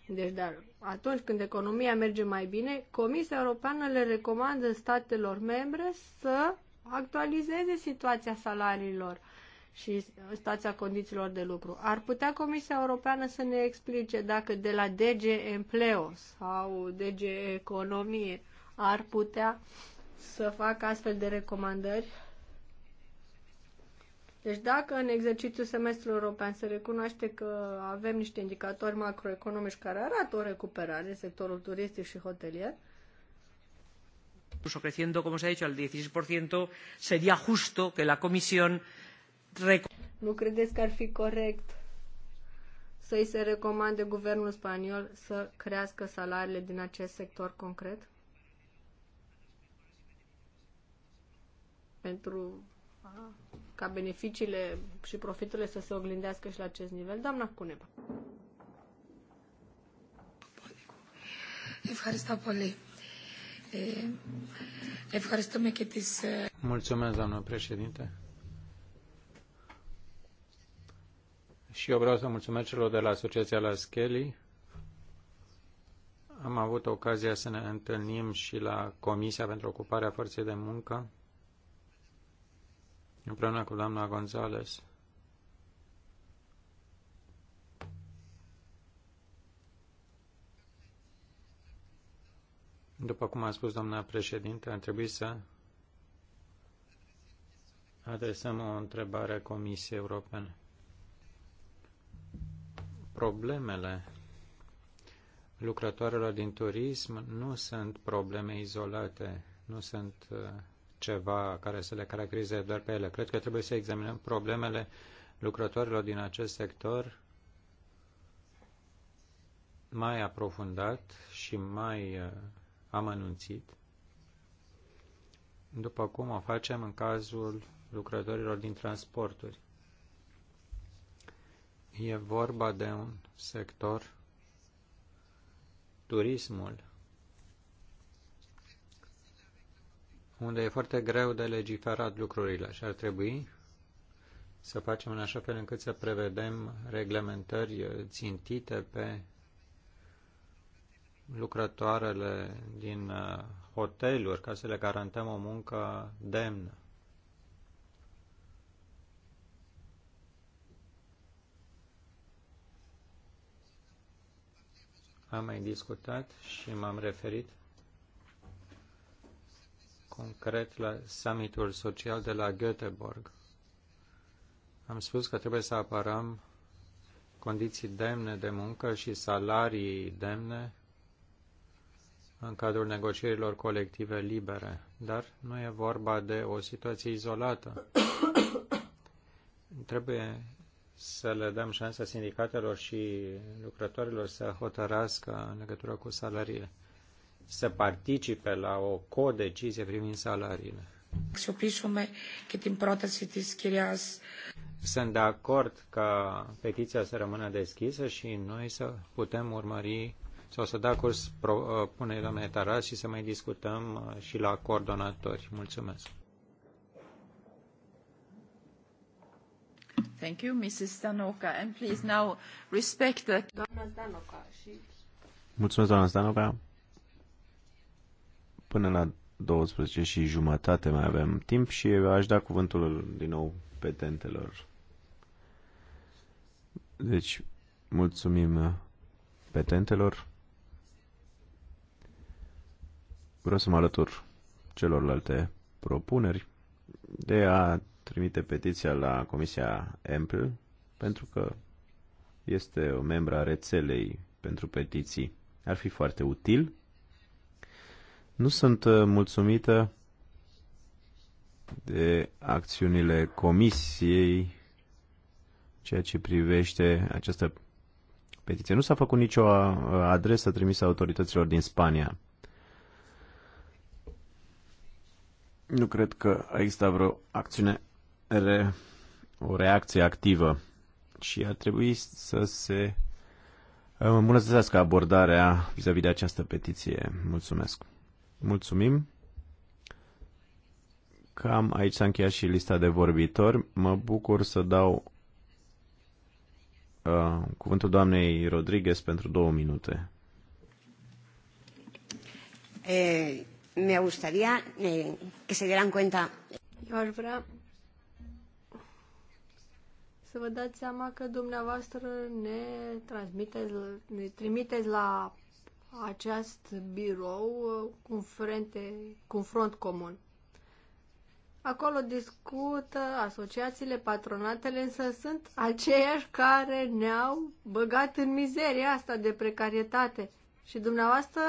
Deci, dar atunci când economia merge mai bine, Comisia Europeană le recomandă statelor membre să actualizeze situația salariilor și stația condițiilor de lucru. Ar putea Comisia Europeană să ne explice dacă de la DG Empleo sau DG Economie ar putea să facă astfel de recomandări deci dacă în exercițiul semestrului european se recunoaște că avem niște indicatori macroeconomici care arată o recuperare în sectorul turistic și hotelier, incluso creciendo, como se ha dicho, al 16%, sería justo que la Comisión... Nu credeți că ar fi corect să-i se recomande guvernul spaniol să crească salariile din acest sector concret? Pentru ca beneficiile și profiturile să se oglindească și la acest nivel. Doamna Cuneba. Mulțumesc, doamnă președinte. Și eu vreau să mulțumesc celor de la Asociația La Scheli. Am avut ocazia să ne întâlnim și la Comisia pentru Ocuparea Forței de Muncă împreună cu doamna Gonzales. După cum a spus doamna președinte, ar trebui să adresăm o întrebare Comisiei Europene. Problemele lucrătoarelor din turism nu sunt probleme izolate, nu sunt uh, ceva care să le caracterize doar pe ele. Cred că trebuie să examinăm problemele lucrătorilor din acest sector mai aprofundat și mai uh, amănunțit, după cum o facem în cazul lucrătorilor din transporturi. E vorba de un sector, turismul, unde e foarte greu de legiferat lucrurile și ar trebui să facem în așa fel încât să prevedem reglementări țintite pe lucrătoarele din uh, hoteluri ca să le garantăm o muncă demnă. Am mai discutat și m-am referit concret la summitul social de la Göteborg. Am spus că trebuie să apărăm condiții demne de muncă și salarii demne în cadrul negocierilor colective libere, dar nu e vorba de o situație izolată. trebuie să le dăm șansa sindicatelor și lucrătorilor să hotărască în legătură cu salariile să participe la o codecizie privind salariile. Sunt de acord ca petiția să rămână deschisă și noi să putem urmări sau să da curs propunerii uh, doamnei Taras și să mai discutăm uh, și la coordonatori. Mulțumesc. Thank you, Mrs. Stanoka, and please now respect the... Doamna Stanoka Mulțumesc, doamna Stanoka. Până la 12 și jumătate mai avem timp și aș da cuvântul din nou petentelor. Deci, mulțumim petentelor. Vreau să mă alătur celorlalte propuneri de a trimite petiția la Comisia EMPL pentru că este o membra a rețelei pentru petiții. Ar fi foarte util nu sunt uh, mulțumită de acțiunile comisiei ceea ce privește această petiție. Nu s-a făcut nicio uh, adresă trimisă autorităților din Spania. Nu cred că a existat vreo acțiune, re, o reacție activă și ar trebui să se uh, îmbunătățească abordarea vis-a-vis -vis de această petiție. Mulțumesc! Mulțumim. Cam aici s-a încheiat și lista de vorbitori. Mă bucur să dau uh, cuvântul doamnei Rodriguez pentru două minute. Eh, me gustaría eh, que se dieran cuenta. Eu aș vrea să vă dați seama că dumneavoastră ne transmiteți, ne trimiteți la acest birou uh, cu, frente, cu front comun. Acolo discută asociațiile, patronatele, însă sunt aceiași care ne-au băgat în mizeria asta de precarietate. Și dumneavoastră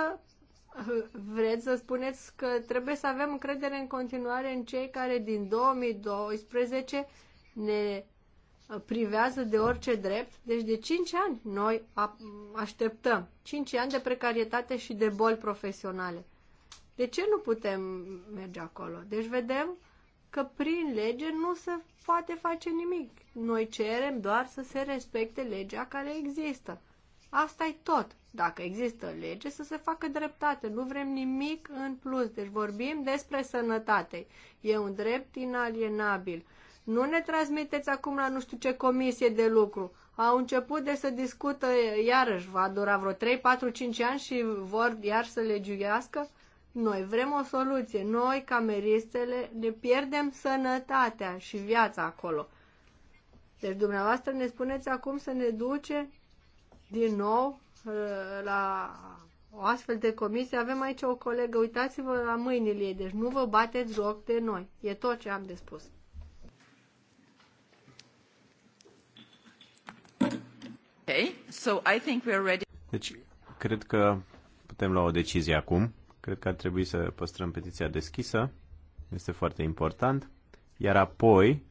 uh, vreți să spuneți că trebuie să avem încredere în continuare în cei care din 2012 ne privează de orice drept. Deci de 5 ani noi așteptăm. 5 ani de precarietate și de boli profesionale. De ce nu putem merge acolo? Deci vedem că prin lege nu se poate face nimic. Noi cerem doar să se respecte legea care există. Asta e tot. Dacă există lege, să se facă dreptate. Nu vrem nimic în plus. Deci vorbim despre sănătate. E un drept inalienabil. Nu ne transmiteți acum la nu știu ce comisie de lucru. Au început de să discută iarăși, va dura vreo 3, 4, 5 ani și vor iar să le giuiască? Noi vrem o soluție. Noi, cameristele, ne pierdem sănătatea și viața acolo. Deci dumneavoastră ne spuneți acum să ne duce din nou uh, la o astfel de comisie. Avem aici o colegă, uitați-vă la mâinile ei, deci nu vă bateți joc de noi. E tot ce am de spus. Okay, so I think we are ready. Deci, cred că putem lua o decizie acum. Cred că ar trebui să păstrăm petiția deschisă. Este foarte important. Iar apoi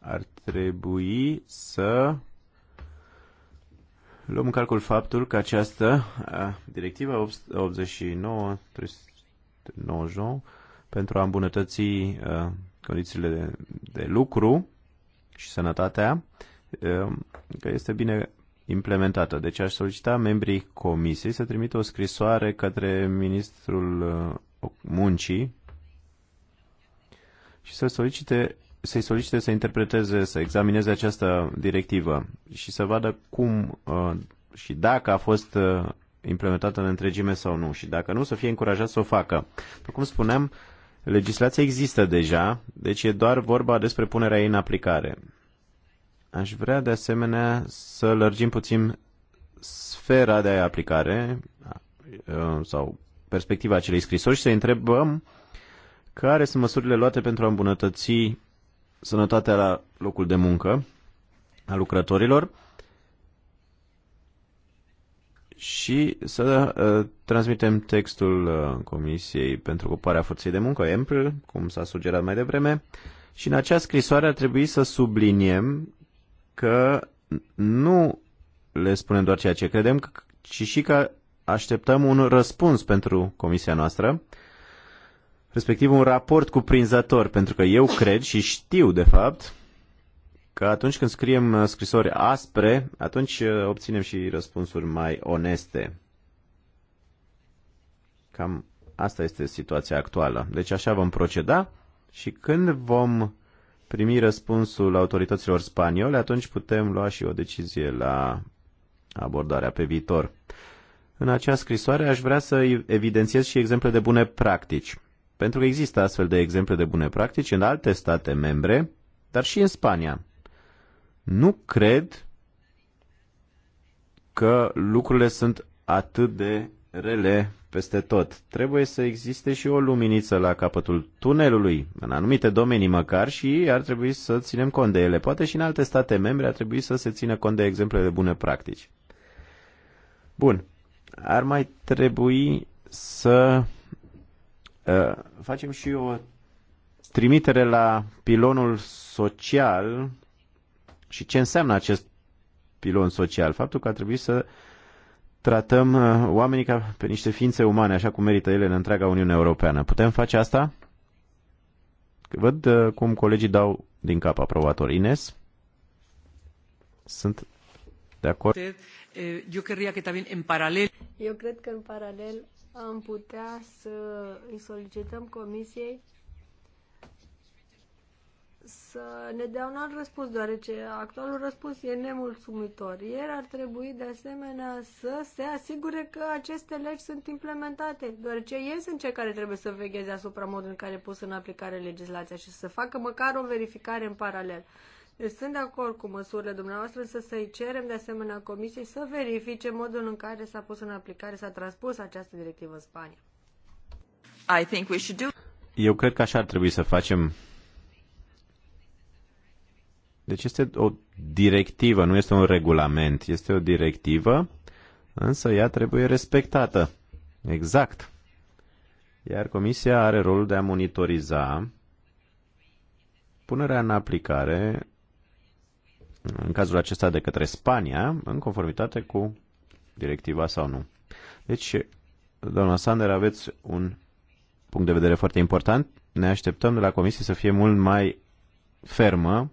ar trebui să luăm în calcul faptul că această directivă 89 399 pentru a îmbunătăți condițiile de, de lucru și sănătatea, că este bine implementată. Deci aș solicita membrii comisiei să trimită o scrisoare către ministrul uh, muncii și să solicite să-i solicite să interpreteze, să examineze această directivă și să vadă cum uh, și dacă a fost uh, implementată în întregime sau nu și dacă nu, să fie încurajat să o facă. După cum spuneam, legislația există deja, deci e doar vorba despre punerea ei în aplicare. Aș vrea de asemenea să lărgim puțin sfera de aplicare sau perspectiva acelei scrisori și să întrebăm care sunt măsurile luate pentru a îmbunătăți sănătatea la locul de muncă a lucrătorilor și să uh, transmitem textul uh, Comisiei pentru ocuparea forței de muncă, EMPL, cum s-a sugerat mai devreme, și în acea scrisoare ar trebui să subliniem că nu le spunem doar ceea ce credem, ci și că așteptăm un răspuns pentru comisia noastră, respectiv un raport cuprinzător, pentru că eu cred și știu, de fapt, că atunci când scriem uh, scrisori aspre, atunci uh, obținem și răspunsuri mai oneste. Cam asta este situația actuală. Deci așa vom proceda și când vom primi răspunsul autorităților spaniole, atunci putem lua și o decizie la abordarea pe viitor. În acea scrisoare aș vrea să evidențiez și exemple de bune practici. Pentru că există astfel de exemple de bune practici în alte state membre, dar și în Spania. Nu cred că lucrurile sunt atât de rele peste tot. Trebuie să existe și o luminiță la capătul tunelului, în anumite domenii măcar, și ar trebui să ținem cont de ele. Poate și în alte state membre ar trebui să se țină cont de exemplele de bune practici. Bun. Ar mai trebui să uh, facem și o trimitere la pilonul social și ce înseamnă acest pilon social. Faptul că ar trebui să uh, tratăm uh, oamenii ca pe niște ființe umane, așa cum merită ele în întreaga Uniune Europeană. Putem face asta? Văd uh, cum colegii dau din cap aprobator. Ines? Sunt de acord? Eu cred că în paralel... Eu cred că în paralel am putea să îi solicităm comisiei să ne dea un alt răspuns, deoarece actualul răspuns e nemulțumitor. Ieri ar trebui de asemenea să se asigure că aceste legi sunt implementate, deoarece ei sunt cei care trebuie să vegheze asupra modului în care pus în aplicare legislația și să facă măcar o verificare în paralel. Deci sunt de acord cu măsurile dumneavoastră, să să-i cerem de asemenea comisiei să verifice modul în care s-a pus în aplicare, s-a transpus această directivă în Spania. I think we should do... Eu cred că așa ar trebui să facem deci este o directivă, nu este un regulament, este o directivă, însă ea trebuie respectată. Exact. Iar Comisia are rolul de a monitoriza punerea în aplicare, în cazul acesta de către Spania, în conformitate cu directiva sau nu. Deci, doamna Sander, aveți un punct de vedere foarte important. Ne așteptăm de la Comisie să fie mult mai fermă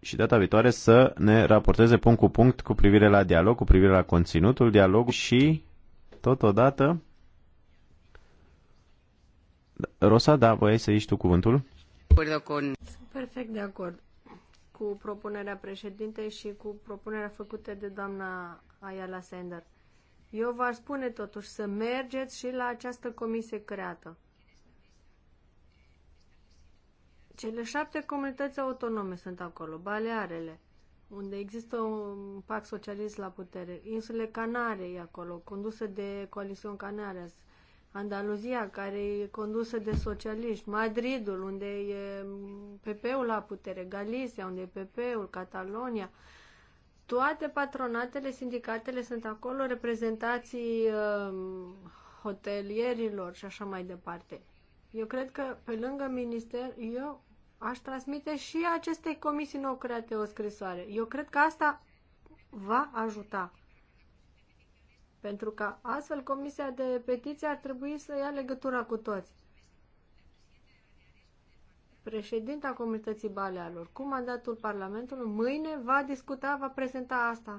și data viitoare să ne raporteze punct cu punct cu privire la dialog, cu privire la conținutul dialogului și totodată Rosa, da, voiai să ieși tu cuvântul? Sunt perfect de acord cu propunerea președintei și cu propunerea făcută de doamna Ayala Sender. Eu v-aș spune totuși să mergeți și la această comisie creată. Cele șapte comunități autonome sunt acolo, Balearele, unde există un pact socialist la putere, insulele Canare e acolo, condusă de Coalițion Canarias, Andaluzia, care e condusă de socialiști, Madridul, unde e PP-ul la putere, Galicia, unde e PP-ul, Catalonia, toate patronatele, sindicatele sunt acolo, reprezentații uh, hotelierilor și așa mai departe. Eu cred că pe lângă minister, eu aș transmite și acestei comisii nou create o scrisoare. Eu cred că asta va ajuta. Pentru că astfel Comisia de Petiție ar trebui să ia legătura cu toți. Președinta Comunității Balealor, cu mandatul Parlamentului, mâine va discuta, va prezenta asta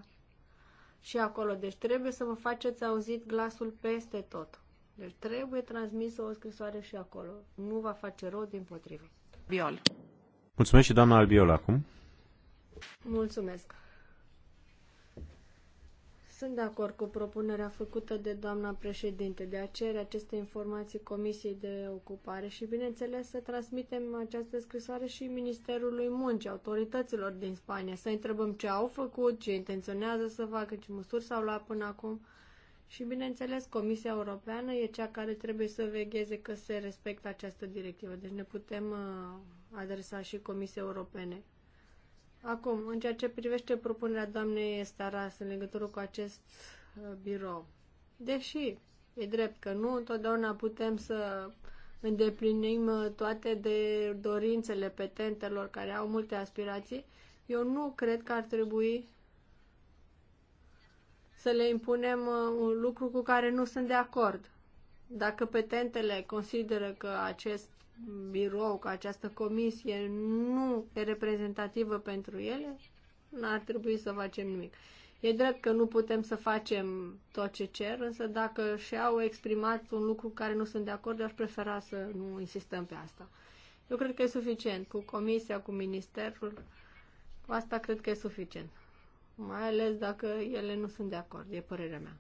și acolo. Deci trebuie să vă faceți auzit glasul peste tot. Deci trebuie transmisă o scrisoare și acolo. Nu va face rău din potrivă. Mulțumesc și doamna Albiol acum. Mulțumesc. Sunt de acord cu propunerea făcută de doamna președinte de a cere aceste informații Comisiei de Ocupare și, bineînțeles, să transmitem această scrisoare și Ministerului Muncii, autorităților din Spania, să întrebăm ce au făcut, ce intenționează să facă, ce măsuri s-au luat până acum și, bineînțeles, Comisia Europeană e cea care trebuie să vegheze că se respectă această directivă. Deci ne putem uh, adresa și Comisiei Europene. Acum, în ceea ce privește propunerea doamnei Staras în legătură cu acest uh, birou, deși e drept că nu întotdeauna putem să îndeplinim uh, toate de dorințele petentelor care au multe aspirații, eu nu cred că ar trebui să le impunem uh, un lucru cu care nu sunt de acord. Dacă petentele consideră că acest birou, că această comisie nu e reprezentativă pentru ele, n-ar trebui să facem nimic. E drept că nu putem să facem tot ce cer, însă dacă și-au exprimat un lucru cu care nu sunt de acord, eu aș prefera să nu insistăm pe asta. Eu cred că e suficient. Cu comisia, cu ministerul, cu asta cred că e suficient mai ales dacă ele nu sunt de acord. E părerea mea.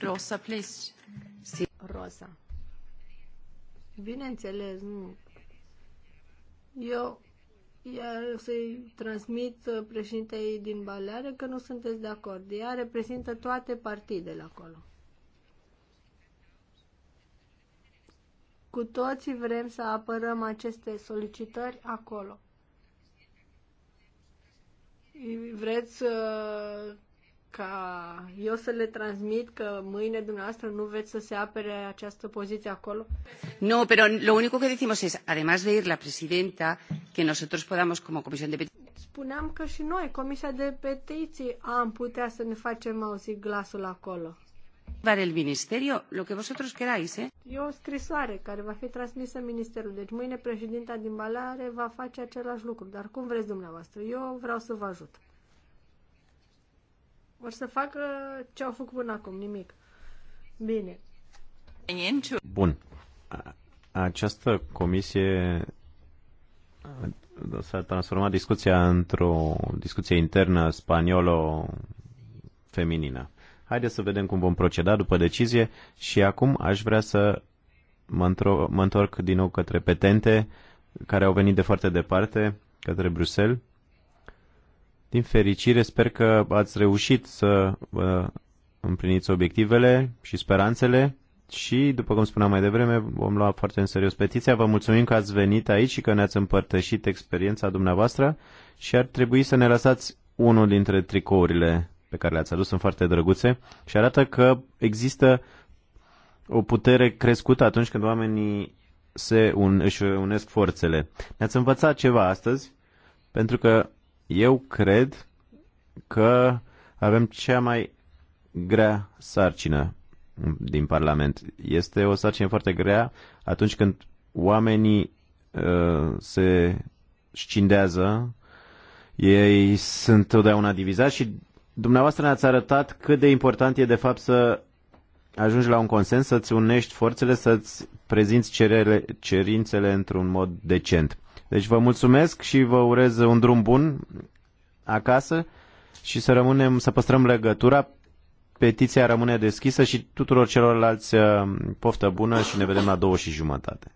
Rosa, please. Rosa. Bineînțeles, nu. Eu iar să-i transmit uh, președintei din Baleare că nu sunteți de acord. Ea reprezintă toate partidele acolo. Cu toții vrem să apărăm aceste solicitări acolo. Vreți uh, ca eu să le transmit că mâine dumneavoastră nu veți să se apere această poziție acolo? No, pero lo único que decimos es, además de ir la presidenta, que nosotros podamos como comisión de petiții. Spuneam că și noi, Comisia de Petiții, am putea să ne facem auzit glasul acolo. Dar el ministerio, lo que vosotros queráis, eh? E o scrisoare care va fi transmisă în ministerul. Deci mâine președinta din Balare va face același lucru. Dar cum vreți dumneavoastră? Eu vreau să vă ajut. Vor să facă ce au făcut până acum, nimic. Bine. Bun. Această comisie s-a transformat discuția într-o discuție internă spaniolo-feminină. Haideți să vedem cum vom proceda după decizie și acum aș vrea să mă, întro- mă întorc din nou către petente care au venit de foarte departe, către Bruxelles. Din fericire, sper că ați reușit să vă împliniți obiectivele și speranțele și, după cum spuneam mai devreme, vom lua foarte în serios petiția. Vă mulțumim că ați venit aici și că ne-ați împărtășit experiența dumneavoastră și ar trebui să ne lăsați unul dintre tricourile pe care le-ați adus sunt foarte drăguțe și arată că există o putere crescută atunci când oamenii se un, își unesc forțele. Ne-ați învățat ceva astăzi, pentru că eu cred că avem cea mai grea sarcină din Parlament. Este o sarcină foarte grea atunci când oamenii uh, se scindează, ei sunt totdeauna divizați și Dumneavoastră ne-ați arătat cât de important e de fapt să ajungi la un consens, să-ți unești forțele, să-ți prezinți cerele, cerințele într-un mod decent. Deci vă mulțumesc și vă urez un drum bun acasă și să rămânem, să păstrăm legătura. Petiția rămâne deschisă și tuturor celorlalți uh, poftă bună și ne vedem la două și jumătate.